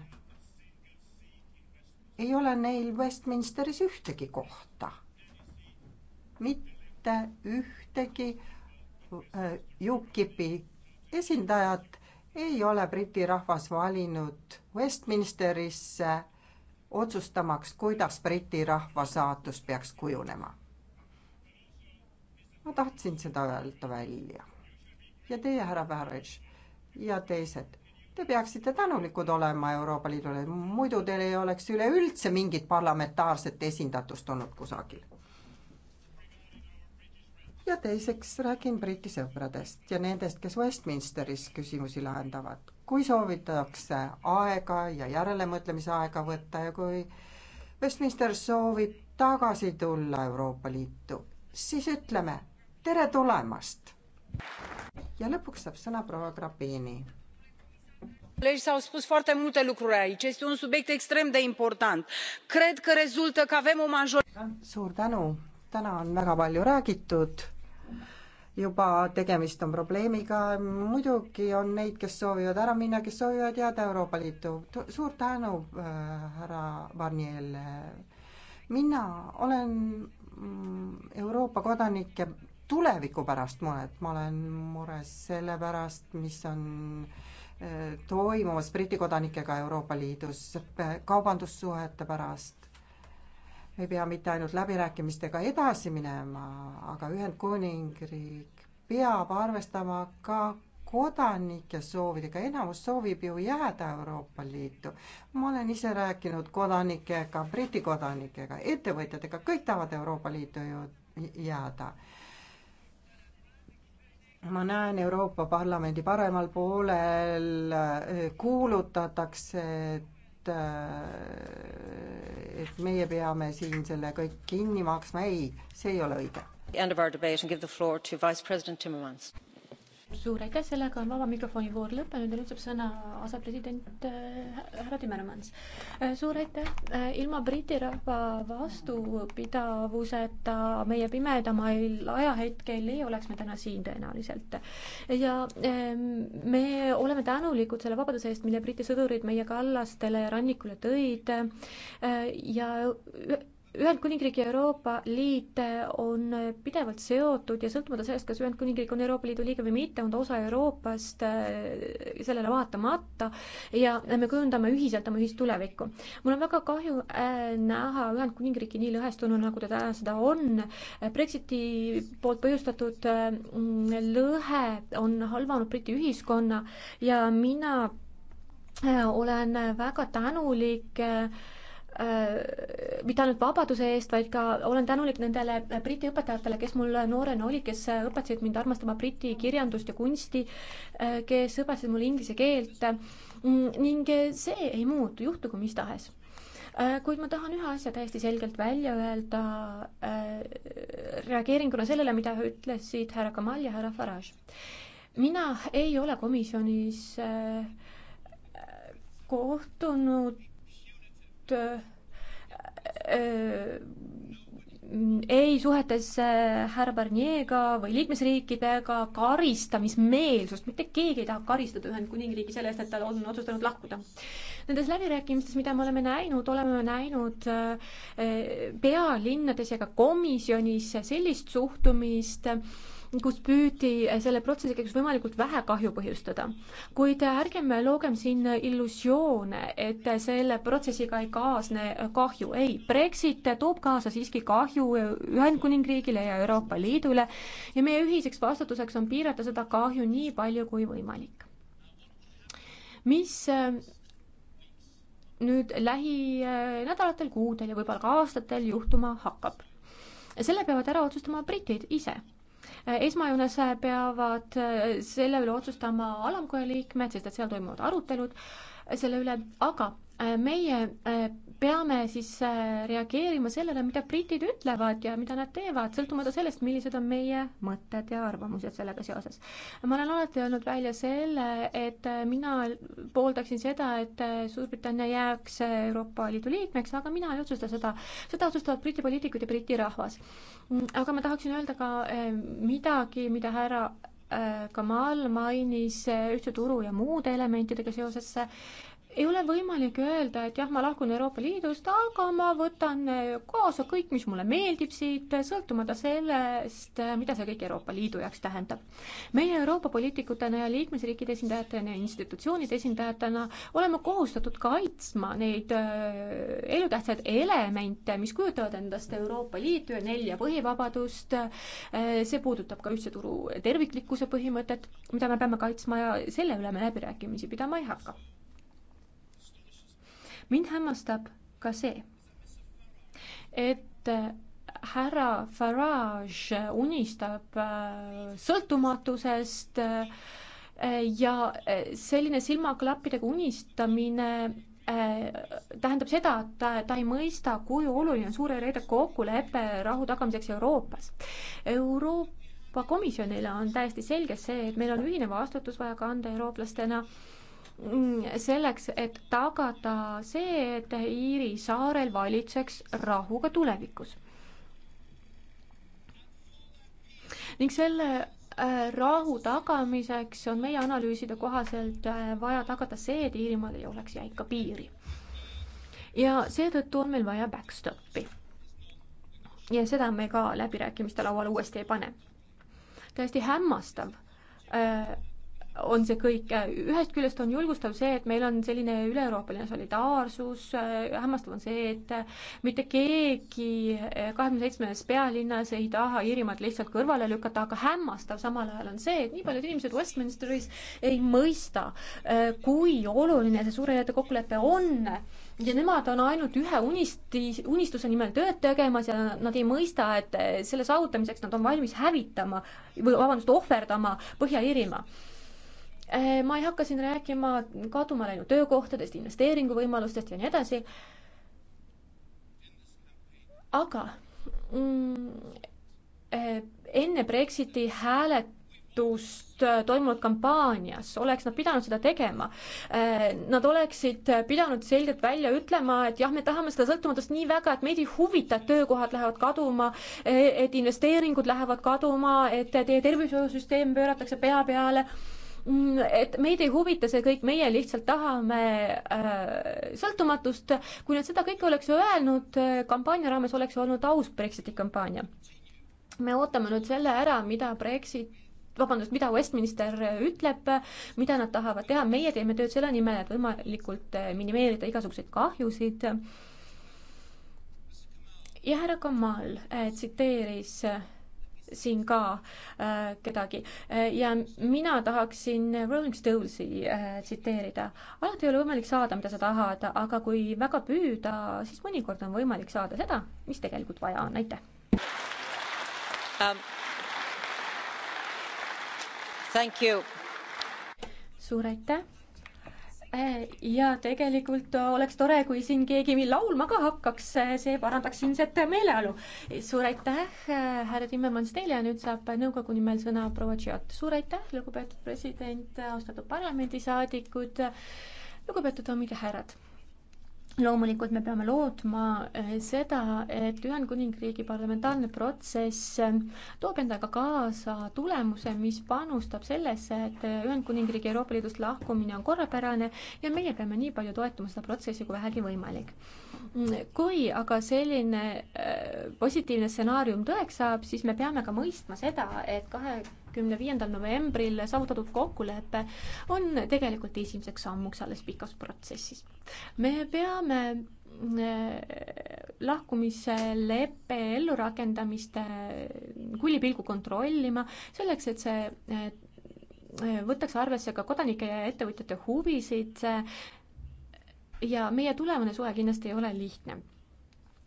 ei ole neil Westminsteris ühtegi kohta. mitte ühtegi äh, UKIP-i esindajat ei ole Briti rahvas valinud Westminsterisse otsustamaks, kuidas Briti rahva saatus peaks kujunema. ma tahtsin seda öelda välja ja teie, härra Farage ja teised, te peaksite tänulikud olema Euroopa Liidule, muidu teil ei oleks üleüldse mingit parlamentaarset esindatust olnud kusagil. ja teiseks räägin Briti sõpradest ja nendest, kes Westminsteris küsimusi lahendavad. kui soovitakse aega ja järelemõtlemise aega võtta ja kui Westminster soovib tagasi tulla Euroopa Liitu, siis ütleme tere tulemast ja lõpuks saab sõna proua Grapini. S-au spus foarte multe lucruri aici. Este un subiect extrem de important. Cred că rezultă că avem o majoritate. Suur tänu. Täna on väga palju räägitud juba tegemist on probleemiga, muidugi on neid, kes soovivad ära minna, kes soovivad jääda Euroopa Liitu. suur tänu äh,, härra Barniel. mina olen mm, Euroopa kodanik ja tuleviku pärast muret, ma olen mures selle pärast, mis on äh, toimumas Briti kodanikega Euroopa Liidus, kaubandussuhete pärast. me ei pea mitte ainult läbirääkimistega edasi minema, aga Ühendkuningriik peab arvestama ka kodanike soovidega, enamus soovib ju jääda Euroopa Liitu. ma olen ise rääkinud kodanikega, Briti kodanikega, ettevõtjatega, kõik tahavad Euroopa Liitu ju jääda ma näen Euroopa Parlamendi paremal poolel äh, kuulutatakse, et, äh, et meie peame siin selle kõik kinni maksma, ei, see ei ole õige. End of our debate and give the floor to Vice President Timmermans suur aitäh, sellega on vaba mikrofoni voor lõppenud ja nüüd saab sõna asepresident äh, härra Timmermans. Äh, suur aitäh, äh, ilma Briti rahva vastupidavuseta meie pimedamail ajahetkel ei oleks me täna siin tõenäoliselt. ja ähm, me oleme tänulikud selle vabaduse eest, mille Briti sõdurid meie kallastele ja rannikule tõid ja Ühendkuningriik ja Euroopa Liit on pidevalt seotud ja sõltumata sellest, kas Ühendkuningriik on Euroopa Liidu liige või mitte, on ta osa Euroopast äh, sellele vaatamata ja me kujundame ühiselt oma ühist tulevikku. mul on väga kahju äh, näha Ühendkuningriiki nii lõhestununa, nagu ta täna seda on. Brexiti poolt põhjustatud äh, lõhe on halvanud Briti ühiskonna ja mina olen väga tänulik äh, Äh, mitte ainult vabaduse eest, vaid ka olen tänulik nendele Briti õpetajatele, kes mul noorena olid, kes õpetasid mind armastama Briti kirjandust ja kunsti, äh, kes õpetasid mulle inglise keelt mm, ning see ei muutu, juhtugu mis tahes. Äh, kuid ma tahan ühe asja täiesti selgelt välja öelda reageeringuna sellele, mida ütlesid härra Kamal ja härra Farage. mina ei ole komisjonis kohtunud Äh, äh, ei suhetes äh, härra Barnier'ga või liikmesriikidega karistamismeelsust, mitte keegi ei taha karistada Ühendkuningriigi selle eest, et ta on otsustanud lahkuda. Nendes läbirääkimistes, mida me oleme näinud, oleme näinud pealinnades ja ka komisjonis sellist suhtumist äh,, kus püüdi selle protsessiga üks võimalikult vähe kahju põhjustada. kuid ärgem loogem siin illusioone, et selle protsessiga ei kaasne kahju, ei, Brexit toob kaasa siiski kahju Ühendkuningriigile ja Euroopa Liidule ja meie ühiseks vastutuseks on piirata seda kahju nii palju kui võimalik. mis äh, nüüd lähinädalatel, kuudel ja võib-olla ka aastatel juhtuma hakkab? selle peavad ära otsustama britid ise Äh, esmajoones äh, peavad äh, selle üle otsustama alamkoja liikmed, sest et seal toimuvad arutelud selle üle, aga meie peame siis äh, reageerima sellele, mida britid ütlevad ja mida nad teevad, sõltumata sellest, millised on meie mõtted ja arvamused sellega seoses. ma olen alati öelnud välja selle, et äh, mina pooldaksin seda, et äh, Suurbritannia jääks Euroopa Liidu liikmeks, aga mina ei otsusta seda. seda otsustavad Briti poliitikud ja Briti rahvas. Mm, aga ma tahaksin öelda ka midagi, mida härra Kamal mainis ühtse turu ja muude elementidega seoses ei ole võimalik öelda, et jah, ma lahkun Euroopa Liidust, aga ma võtan eh, kaasa kõik, mis mulle meeldib siit, sõltumata sellest, eh, mida see kõik Euroopa Liidu jaoks tähendab. meie Euroopa poliitikutena ja liikmesriikide esindajatena ja institutsioonide esindajatena oleme kohustatud kaitsma neid eh, elutähtsaid elemente, mis kujutavad endast Euroopa Liitu ja nelja põhivabadust, see puudutab ka ühtse turu terviklikkuse põhimõtet, mida me peame kaitsma ja selle üle me läbirääkimisi pidama ei hakka mind hämmastab ka see, et äh, härra Farage unistab äh, sõltumatusest äh, ja selline silmaklappidega unistamine tähendab seda, et ta, ta ei mõista, kui oluline on suure reede kokkulepe rahu tagamiseks Euroopas. Euroopa Komisjonile on täiesti selge see, et meil on ühine vastutus vaja kanda eurooplastena äh, selleks, et tagada see, et Iiri saarel valitseks rahu ka tulevikus. ning selle äh, rahu tagamiseks on meie analüüside kohaselt äh, vaja tagada see, et Iirimaal ei oleks jäika piiri. ja seetõttu on meil vaja backstopi. ja seda me ka läbirääkimiste lauale uuesti ei pane. täiesti hämmastav äh, on see kõik, äh, ühest küljest on julgustav see, et meil on selline üle-euroopaline solidaarsus, äh, hämmastav on see, et äh, mitte keegi kahekümne seitsmes pealinnas ei taha Iirimaad lihtsalt kõrvale lükata, aga hämmastav samal ajal on see, et nii paljud inimesed Westminsteris ei mõista, kui oluline see suurejäete kokkulepe on ja nemad on ainult ühe unisti, unistuse nimel tööd tegemas ja nad ei mõista, et selle saavutamiseks nad on valmis hävitama või vabandust, ohverdama Põhja-Iirimaa Eh, ma ei hakka siin rääkima kaduma läinud töökohtadest, investeeringuvõimalustest ja nii edasi. aga mm, eh, enne Brexiti hääletust eh, toimunud kampaanias oleks nad pidanud seda tegema. Nad oleksid pidanud selgelt välja ütlema, et jah, me tahame seda sõltumatust nii väga, et meid ei huvita, et töökohad lähevad kaduma, et investeeringud lähevad kaduma, et teie tervishoiusüsteem pööratakse pea peale Mm, et meid ei huvita see kõik, meie lihtsalt tahame äh, sõltumatust. kui nad seda kõike oleks öelnud äh, kampaania raames, oleks olnud aus Brexiti kampaania. me ootame nüüd selle ära, mida Brexit vabandust, mida Westminster äh, ütleb, mida nad tahavad teha, meie teeme tööd selle nimel, et võimalikult minimeerida igasuguseid kahjusid. ja härra Kamal tsiteeris äh, siin ka äh, kedagi äh, ja mina tahaksin Rolling Stonesi äh, tsiteerida. alati ei ole võimalik saada, mida sa tahad, aga kui väga püüda, siis mõnikord on võimalik saada seda, mis tegelikult vaja on, aitäh um,. suur aitäh ja tegelikult oleks tore, kui siin keegi laulma ka hakkaks, see parandaks siinset meeleolu. suur aitäh, härra Timmermans, teile ja nüüd saab nõukogu nimel sõna proua Tšiot. suur aitäh, lugupeetud president, austatud parlamendisaadikud, lugupeetud daamid ja härrad loomulikult me peame lootma eh, seda, et Ühendkuningriigi parlamentaarne protsess eh, toob endaga kaasa tulemuse, mis panustab sellesse, et Ühendkuningriigi Euroopa Liidust lahkumine on korrapärane ja meie peame nii palju toetama seda protsessi, kui vähegi võimalik. kui aga selline eh, positiivne stsenaarium tõeks saab, siis me peame ka mõistma seda, et kahe kahekümne viiendal novembril saavutatud kokkulepe on tegelikult esimeseks sammuks alles pikas protsessis. me peame äh, lahkumisleppe ellurakendamist äh, kullipilgu kontrollima, selleks et see äh, võtaks arvesse ka kodanike ja ettevõtjate huvisid ja meie tulevane suhe kindlasti ei ole lihtne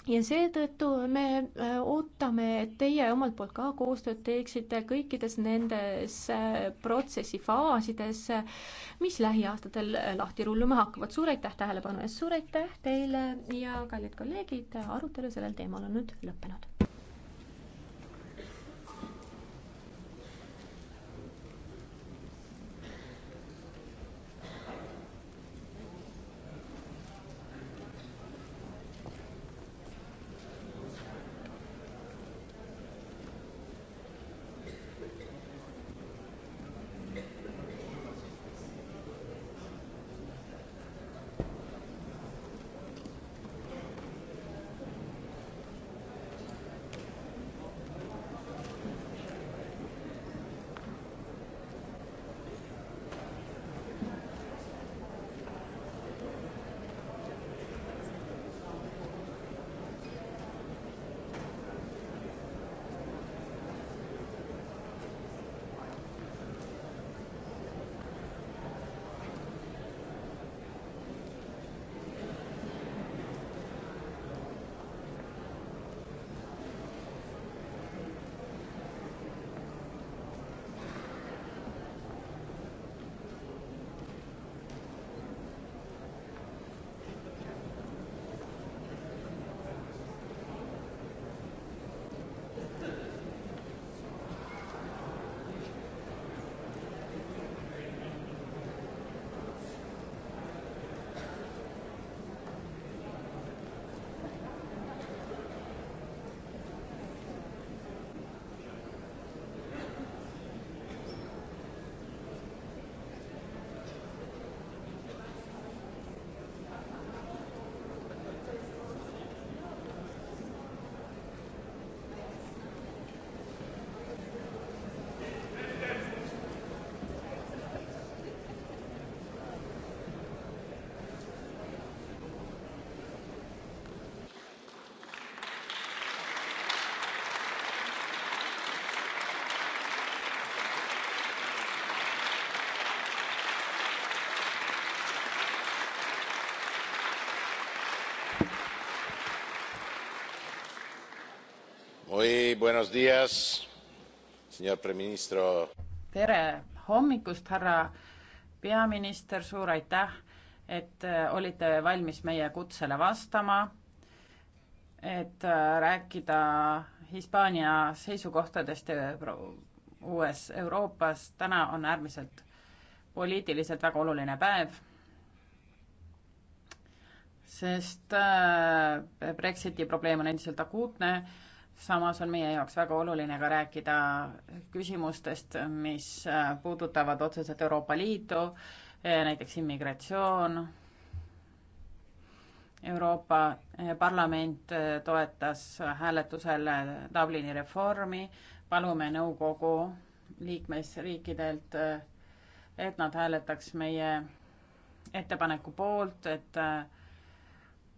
ja seetõttu me äh, ootame, et teie omalt poolt ka koostööd teeksite kõikides nendes äh, protsessi faasides, äh, mis lähiaastatel lahti rulluma hakkavad. suur aitäh tähelepanu eest, suur aitäh teile ja kallid kolleegid, arutelu sellel teemal on nüüd lõppenud. tere hommikust härra peaminister suur aitäh et äh, olite valmis meie kutsele vastama et äh, rääkida Hispaania seisukohtadest uues Euroopas. täna on äärmiselt poliitiliselt väga oluline päev, sest äh, Brexiti probleem on endiselt akuutne samas on meie jaoks väga oluline ka rääkida küsimustest, mis äh, puudutavad otseselt Euroopa Liitu, äh, näiteks immigratsioon. Euroopa äh, Parlament toetas hääletusel Dublini reformi, palume nõukogu liikmesriikidelt, et nad hääletaks meie ettepaneku poolt, et äh,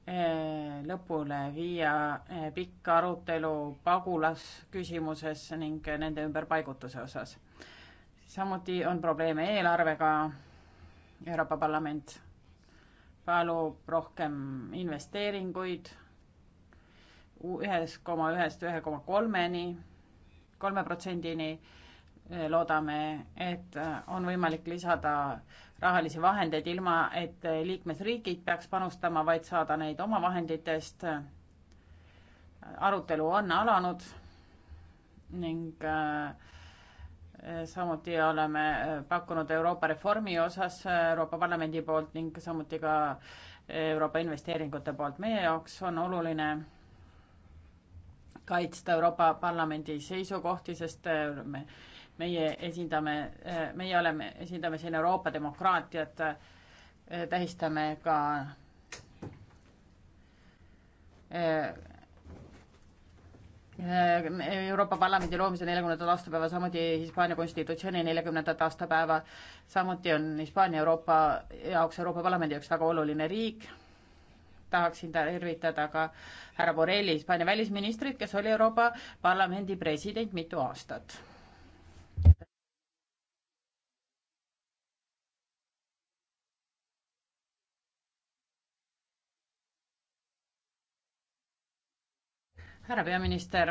Eh, lõpule viia eh, pikk arutelu pagulasküsimuses ning nende ümberpaigutuse osas. samuti on probleeme eelarvega. Euroopa Parlament palub rohkem investeeringuid ühes koma ühest ühe koma kolmeni, kolme protsendini. loodame, et on võimalik lisada rahalisi vahendeid, ilma et liikmesriigid peaks panustama, vaid saada neid oma vahenditest. arutelu on alanud ning äh, samuti oleme äh, pakkunud Euroopa reformi osas äh, Euroopa Parlamendi poolt ning samuti ka Euroopa investeeringute poolt. meie jaoks on oluline kaitsta Euroopa Parlamendi seisukohti, sest me meie esindame, eh, meie oleme, esindame siin Euroopa demokraatiat, eh, tähistame ka eh, Euroopa Parlamendi loomise neljakümnendat aastapäeva, samuti Hispaania konstitutsiooni neljakümnendat aastapäeva, samuti on Hispaania Euroopa jaoks, Euroopa Parlamendi jaoks väga oluline riik, tahaksin tervitada ka härra Borrelli, Hispaania välisministrit, kes oli Euroopa Parlamendi president mitu aastat härra peaminister,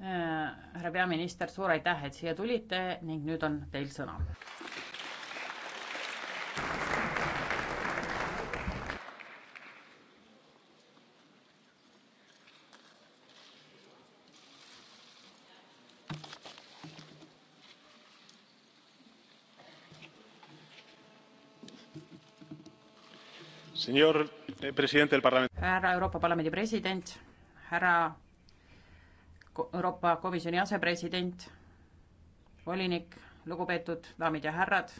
äh, härra peaminister, suur aitäh, et siia tulite ning nüüd on teil sõna. señor presidente del parlamento härra Euroopa Parlamendi president, härra Euroopa Komisjoni asepresident, volinik, lugupeetud daamid ja härrad,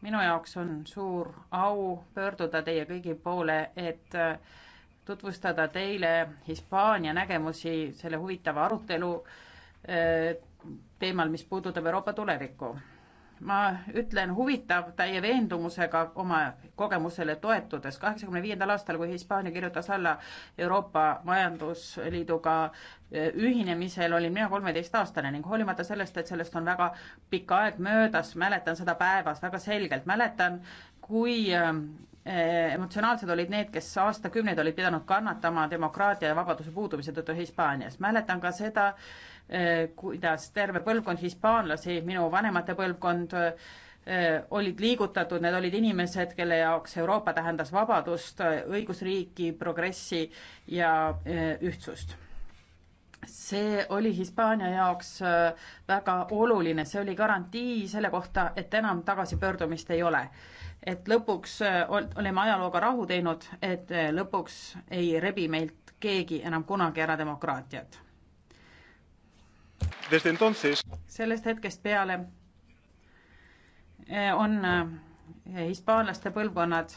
minu jaoks on suur au pöörduda teie kõigi poole, et äh, tutvustada teile Hispaania nägemusi selle huvitava arutelu äh, teemal, mis puudutab Euroopa tulevikku ma ütlen huvitav täie veendumusega oma kogemusele toetudes. kaheksakümne viiendal aastal, kui Hispaania kirjutas alla Euroopa Majandusliiduga eh, ühinemisel, olin mina kolmeteistaastane ning hoolimata sellest, et sellest on väga pikk aeg möödas, mäletan seda päevas väga selgelt, mäletan, kui eh, eh, emotsionaalsed olid need, kes aastakümneid olid pidanud kannatama demokraatia ja vabaduse puudumise tõttu Hispaanias. mäletan ka seda, Eh, kuidas terve põlvkond hispaanlasi, minu vanemate põlvkond, eh, olid liigutatud, need olid inimesed, kelle jaoks Euroopa tähendas vabadust, õigusriiki, progressi ja eh, ühtsust. see oli Hispaania jaoks väga oluline, see oli garantii selle kohta, et enam tagasipöördumist ei ole. et lõpuks olime ajalooga rahu teinud, et lõpuks ei rebi meilt keegi enam kunagi ära demokraatiat Entonces... sellest hetkest peale eh, on eh, hispaanlaste põlvkonnad,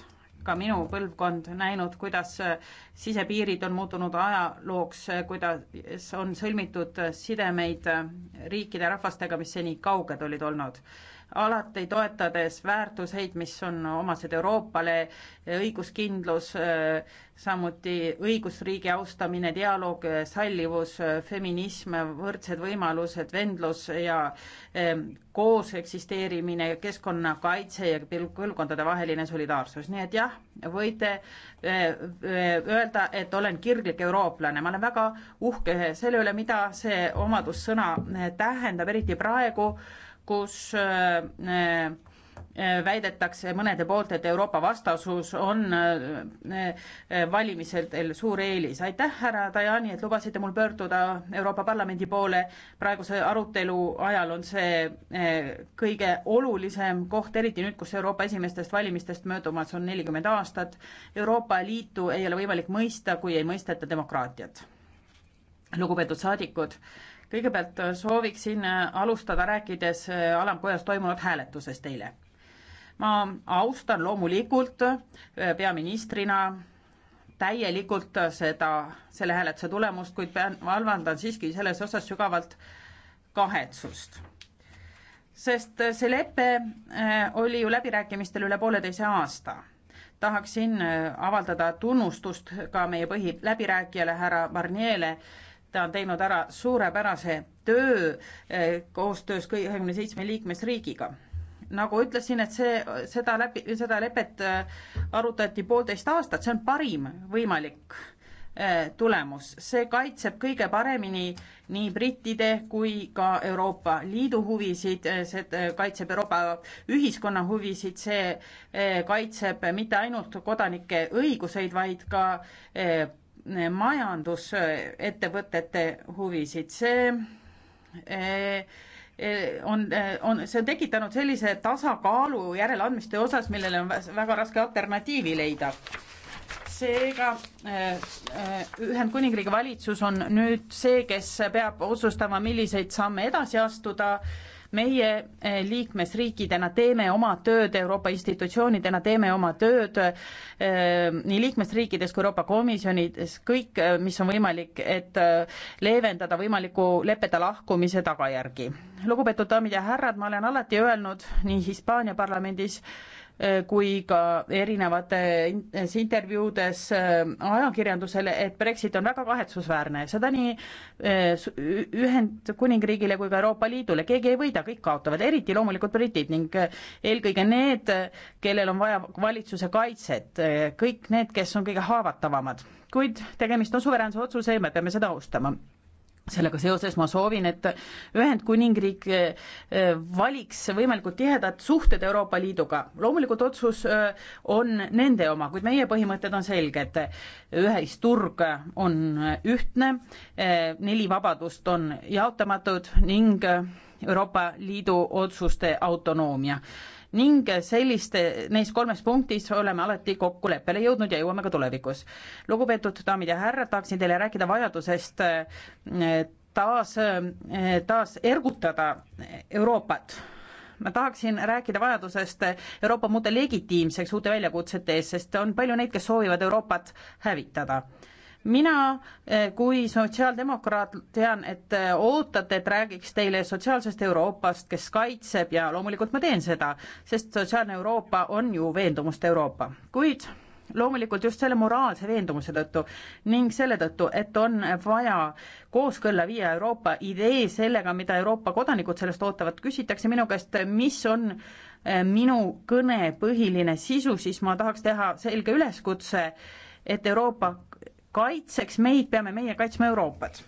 ka minu põlvkond, näinud, kuidas eh, sisepiirid on muutunud ajalooks, kuidas on sõlmitud sidemeid riikide ja rahvastega, mis seni kauged olid olnud alati toetades väärtuseid, mis on omased Euroopale, õiguskindlus, samuti õigusriigi austamine, dialoog, sallivus, feminism, võrdsed võimalused, vendlus ja ehm, koos eksisteerimine, keskkonnakaitse ja põlvkondade vaheline solidaarsus, nii et jah, võite eh, eh, öelda, et olen kirglik eurooplane, ma olen väga uhke selle üle, mida see omadussõna eh, tähendab, eriti praegu, kus äh, äh, väidetakse mõnede poolt, et Euroopa vastasus on äh, valimisel suur eelis. aitäh, härra Tajani, et lubasite mul pöörduda Euroopa Parlamendi poole. praeguse arutelu ajal on see kõige olulisem koht, eriti nüüd, kus Euroopa esimestest valimistest möödumas on nelikümmend aastat. Euroopa Liitu ei ole võimalik mõista, kui ei mõisteta demokraatiat. lugupeetud saadikud kõigepealt äh, sooviksin äh, alustada rääkides äh, alamkojas toimunud hääletusest eile. ma austan loomulikult peaministrina täielikult seda, selle hääletuse tulemust, kuid pean, avaldan siiski selles osas sügavalt kahetsust. sest see lepe oli ju läbirääkimistel üle pooleteise aasta. tahaksin avaldada tunnustust ka meie põhiläbirääkijale härra Barnier'le, ta on teinud ära suurepärase töö eh, koostöös kahekümne seitsme liikmesriigiga. nagu ütlesin, et see, seda läbi, seda lepet eh, arutati poolteist aastat, see on parim võimalik eh, tulemus, see kaitseb kõige paremini nii brittide kui ka Euroopa Liidu huvisid, see kaitseb Euroopa ühiskonna huvisid, see kaitseb mitte ainult kodanike õiguseid, vaid ka majandusettevõtete huvisid, see e, e, on, e, on, see on tekitanud sellise tasakaalu järeleandmiste osas, millele on väga raske alternatiivi leida. seega Ühendkuningriigi valitsus on nüüd see, kes peab otsustama, milliseid samme edasi astuda meie eh, liikmesriikidena teeme oma tööd, Euroopa institutsioonidena teeme oma tööd eh, nii liikmesriikides kui Euroopa Komisjonides, kõik, eh, mis on võimalik, et leevendada võimaliku lepete lahkumise tagajärgi. lugupeetud daamid ja härrad, ma olen alati öelnud nii Hispaania parlamendis kui ka erinevates intervjuudes äh, ajakirjandusele, et Brexit on väga kahetsusväärne, seda nii äh, Ühendkuningriigile kui ka Euroopa Liidule, keegi ei võida, kõik kaotavad, eriti loomulikult britid ning äh, eelkõige need, kellel on vaja valitsuse kaitset, kõik need, kes on kõige haavatavamad. kuid tegemist on suveräänse otsuse ja me peame seda austama sellega seoses ma soovin, et Ühendkuningriik eh, valiks võimalikult tihedad suhted Euroopa Liiduga. loomulikult otsus eh, on nende oma, kuid meie põhimõtted on selged. ühisturg on ühtne, eh, neli vabadust on jaotamatud ning Euroopa Liidu otsuste autonoomia ning selliste, neis kolmes punktis oleme alati kokkuleppele jõudnud ja jõuame ka tulevikus. lugupeetud daamid ja härrad, tahaksin teile rääkida vajadusest eh, taas, eh, taas ergutada Euroopat ma tahaksin rääkida vajadusest Euroopa muuta legitiimseks uute väljakutsete ees, sest on palju neid, kes soovivad Euroopat hävitada mina eh, kui sotsiaaldemokraat tean, et eh, ootate, et räägiks teile sotsiaalsest Euroopast, kes kaitseb ja loomulikult ma teen seda, sest sotsiaalne Euroopa on ju veendumuste Euroopa, kuid loomulikult just selle moraalse veendumuse tõttu ning selle tõttu, et on vaja kooskõlla viia Euroopa idee sellega, mida Euroopa kodanikud sellest ootavad, küsitakse minu käest, mis on eh, minu kõne põhiline sisu, siis ma tahaks teha selge üleskutse, et Euroopa kaitseks meid, peame meie kaitsma Euroopat.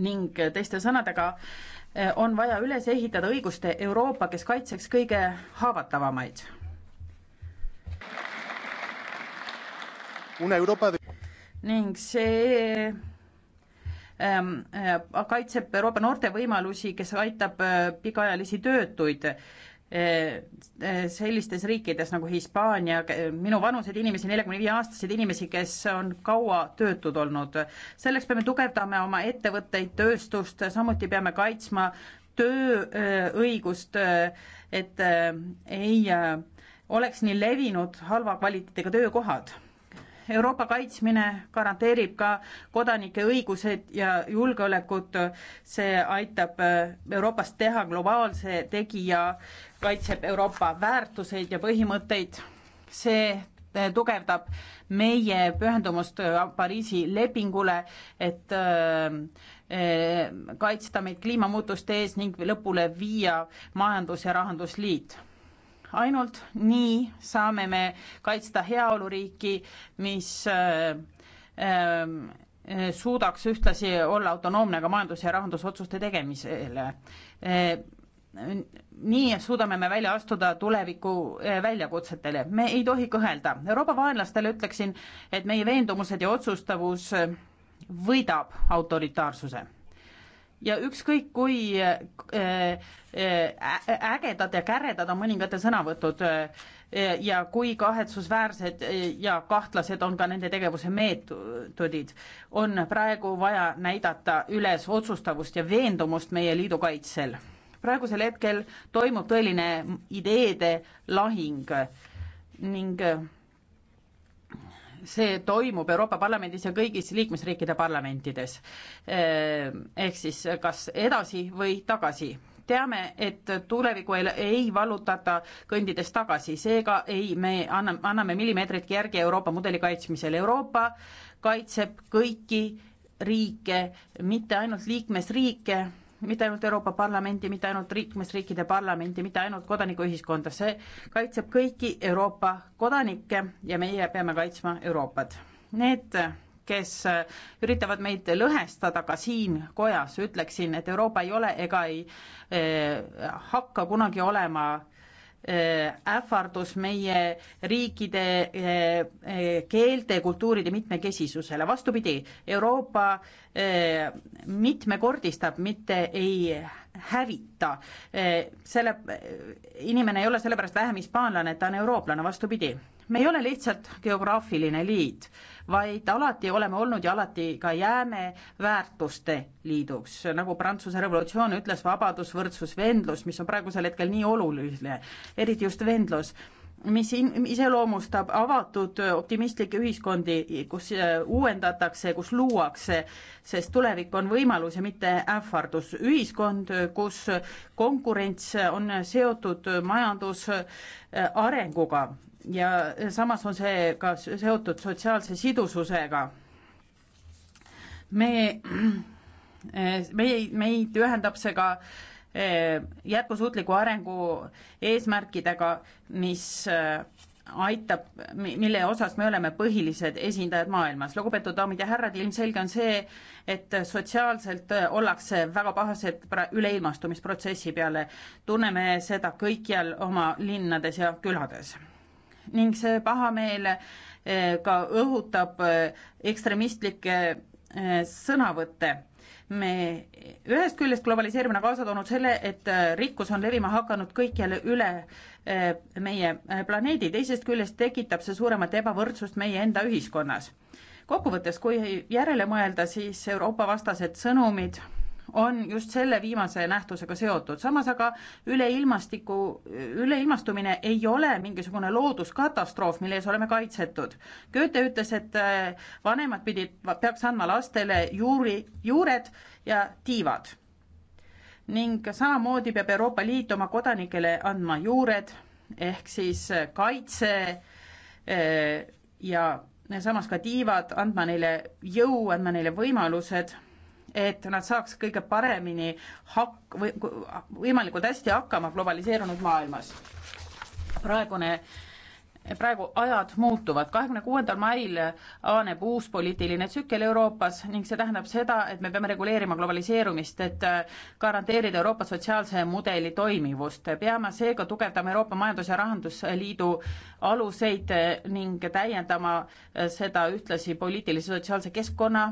ning teiste sõnadega eh, on vaja üles ehitada õiguste Euroopa, kes kaitseks kõige haavatavamaid. De... ning see ähm, kaitseb Euroopa noorte võimalusi, kes aitab eh, pikaajalisi töötuid Eh, sellistes riikides nagu Hispaania, minuvanuseid inimesi, neljakümne viie aastaseid inimesi, kes on kaua töötud olnud. selleks peame tugevdama oma ettevõtteid, tööstust, samuti peame kaitsma tööõigust, et eh, ei eh, oleks nii levinud halva kvaliteediga töökohad Euroopa kaitsmine garanteerib ka kodanike õigused ja julgeolekut, see aitab äh, Euroopast teha globaalse tegija, kaitseb Euroopa väärtuseid ja põhimõtteid, see äh, tugevdab meie pühendumust äh, Pariisi lepingule, et kaitsta meid kliimamuutuste ees ning lõpule viia majandus- ja rahandusliit ainult nii saame me kaitsta heaoluriiki, mis äh, äh, suudaks ühtlasi olla autonoomne ka majandus- ja rahandusotsuste tegemisele. Äh, nii suudame me välja astuda tuleviku väljakutsetele, me ei tohi kõhelda. Euroopa vaenlastele ütleksin, et meie veendumused ja otsustavus võidab autoritaarsuse ja ükskõik kui äh, äh, ägedad ja käredad on mõningate sõnavõtud äh, ja kui kahetsusväärsed ja kahtlased on ka nende tegevuse meetodid, on praegu vaja näidata üles otsustavust ja veendumust meie liidu kaitsel. praegusel hetkel toimub tõeline ideede lahing ning see toimub Euroopa Parlamendis ja kõigis liikmesriikide parlamentides. Ehm, ehk siis kas edasi või tagasi. teame, et tulevikku ei, ei vallutata kõndides tagasi, seega ei, me anname, anname millimeetritki järgi Euroopa mudeli kaitsmisel. Euroopa kaitseb kõiki riike, mitte ainult liikmesriike mitte ainult Euroopa Parlamenti, mitte ainult liikmesriikide parlamenti, mitte ainult kodanikuühiskonda, see kaitseb kõiki Euroopa kodanikke ja meie peame kaitsma Euroopat. Need, kes üritavad meid lõhestada ka siin kojas, ütleksin, et Euroopa ei ole ega ei eh, hakka kunagi olema Äh, ähvardus meie riikide äh, äh, keelte, kultuuride mitmekesisusele. vastupidi, Euroopa mitmekordistab, mitte ei hävita. selle, inimene ei ole sellepärast vähem hispaanlane, et ta on eurooplane, vastupidi me ei ole lihtsalt geograafiline liit, vaid alati oleme olnud ja alati ka jääme väärtuste liiduks, nagu Prantsuse revolutsioon ütles, vabadus, võrdsus, vendlus, mis on praegusel hetkel nii oluline, eriti just vendlus mis in-, iseloomustab avatud optimistlikke ühiskondi, kus äh, uuendatakse, kus luuakse, sest tulevik on võimalus ja mitte ähvardus. ühiskond, kus konkurents on seotud majandusarenguga äh, ja samas on see ka seotud sotsiaalse sidususega. me, äh, me, meid ühendab see ka äh, Eh, jätkusuutliku arengu eesmärkidega, mis eh, aitab, mille osas me oleme põhilised esindajad maailmas. lugupeetud daamid ja härrad, ilmselge on see, et sotsiaalselt eh, ollakse väga pahased üleilmastumisprotsessi peale. tunneme seda kõikjal oma linnades ja külades. ning see pahameel ka õhutab ekstremistlikke sõnavõtte me ühest küljest globaliseerimine on nagu kaasa toonud selle, et äh, rikkus on levima hakanud kõikjale üle äh, meie äh, planeedi, teisest küljest tekitab see suuremat ebavõrdsust meie enda ühiskonnas. kokkuvõttes, kui järele mõelda, siis Euroopa vastased sõnumid on just selle viimase nähtusega seotud, samas aga üleilmastiku, üleilmastumine ei ole mingisugune looduskatastroof, mille ees oleme kaitsetud. Goethe ütles, et äh, vanemad pidid, peaks andma lastele juuri, juured ja tiivad. ning samamoodi peab Euroopa Liit oma kodanikele andma juured, ehk siis äh, kaitse äh, ja samas ka tiivad, andma neile jõu, andma neile võimalused et nad saaks kõige paremini hak-, või võimalikult hästi hakkama globaliseerunud maailmas. praegune praegu ajad muutuvad, kahekümne kuuendal mail avaneb uus poliitiline tsükkel Euroopas ning see tähendab seda, et me peame reguleerima globaliseerumist, et äh, garanteerida Euroopa sotsiaalse mudeli toimivust. peame seega tugevdama Euroopa Majandus- ja Rahandusliidu aluseid äh, ning täiendama äh, seda ühtlasi poliitilise sotsiaalse keskkonna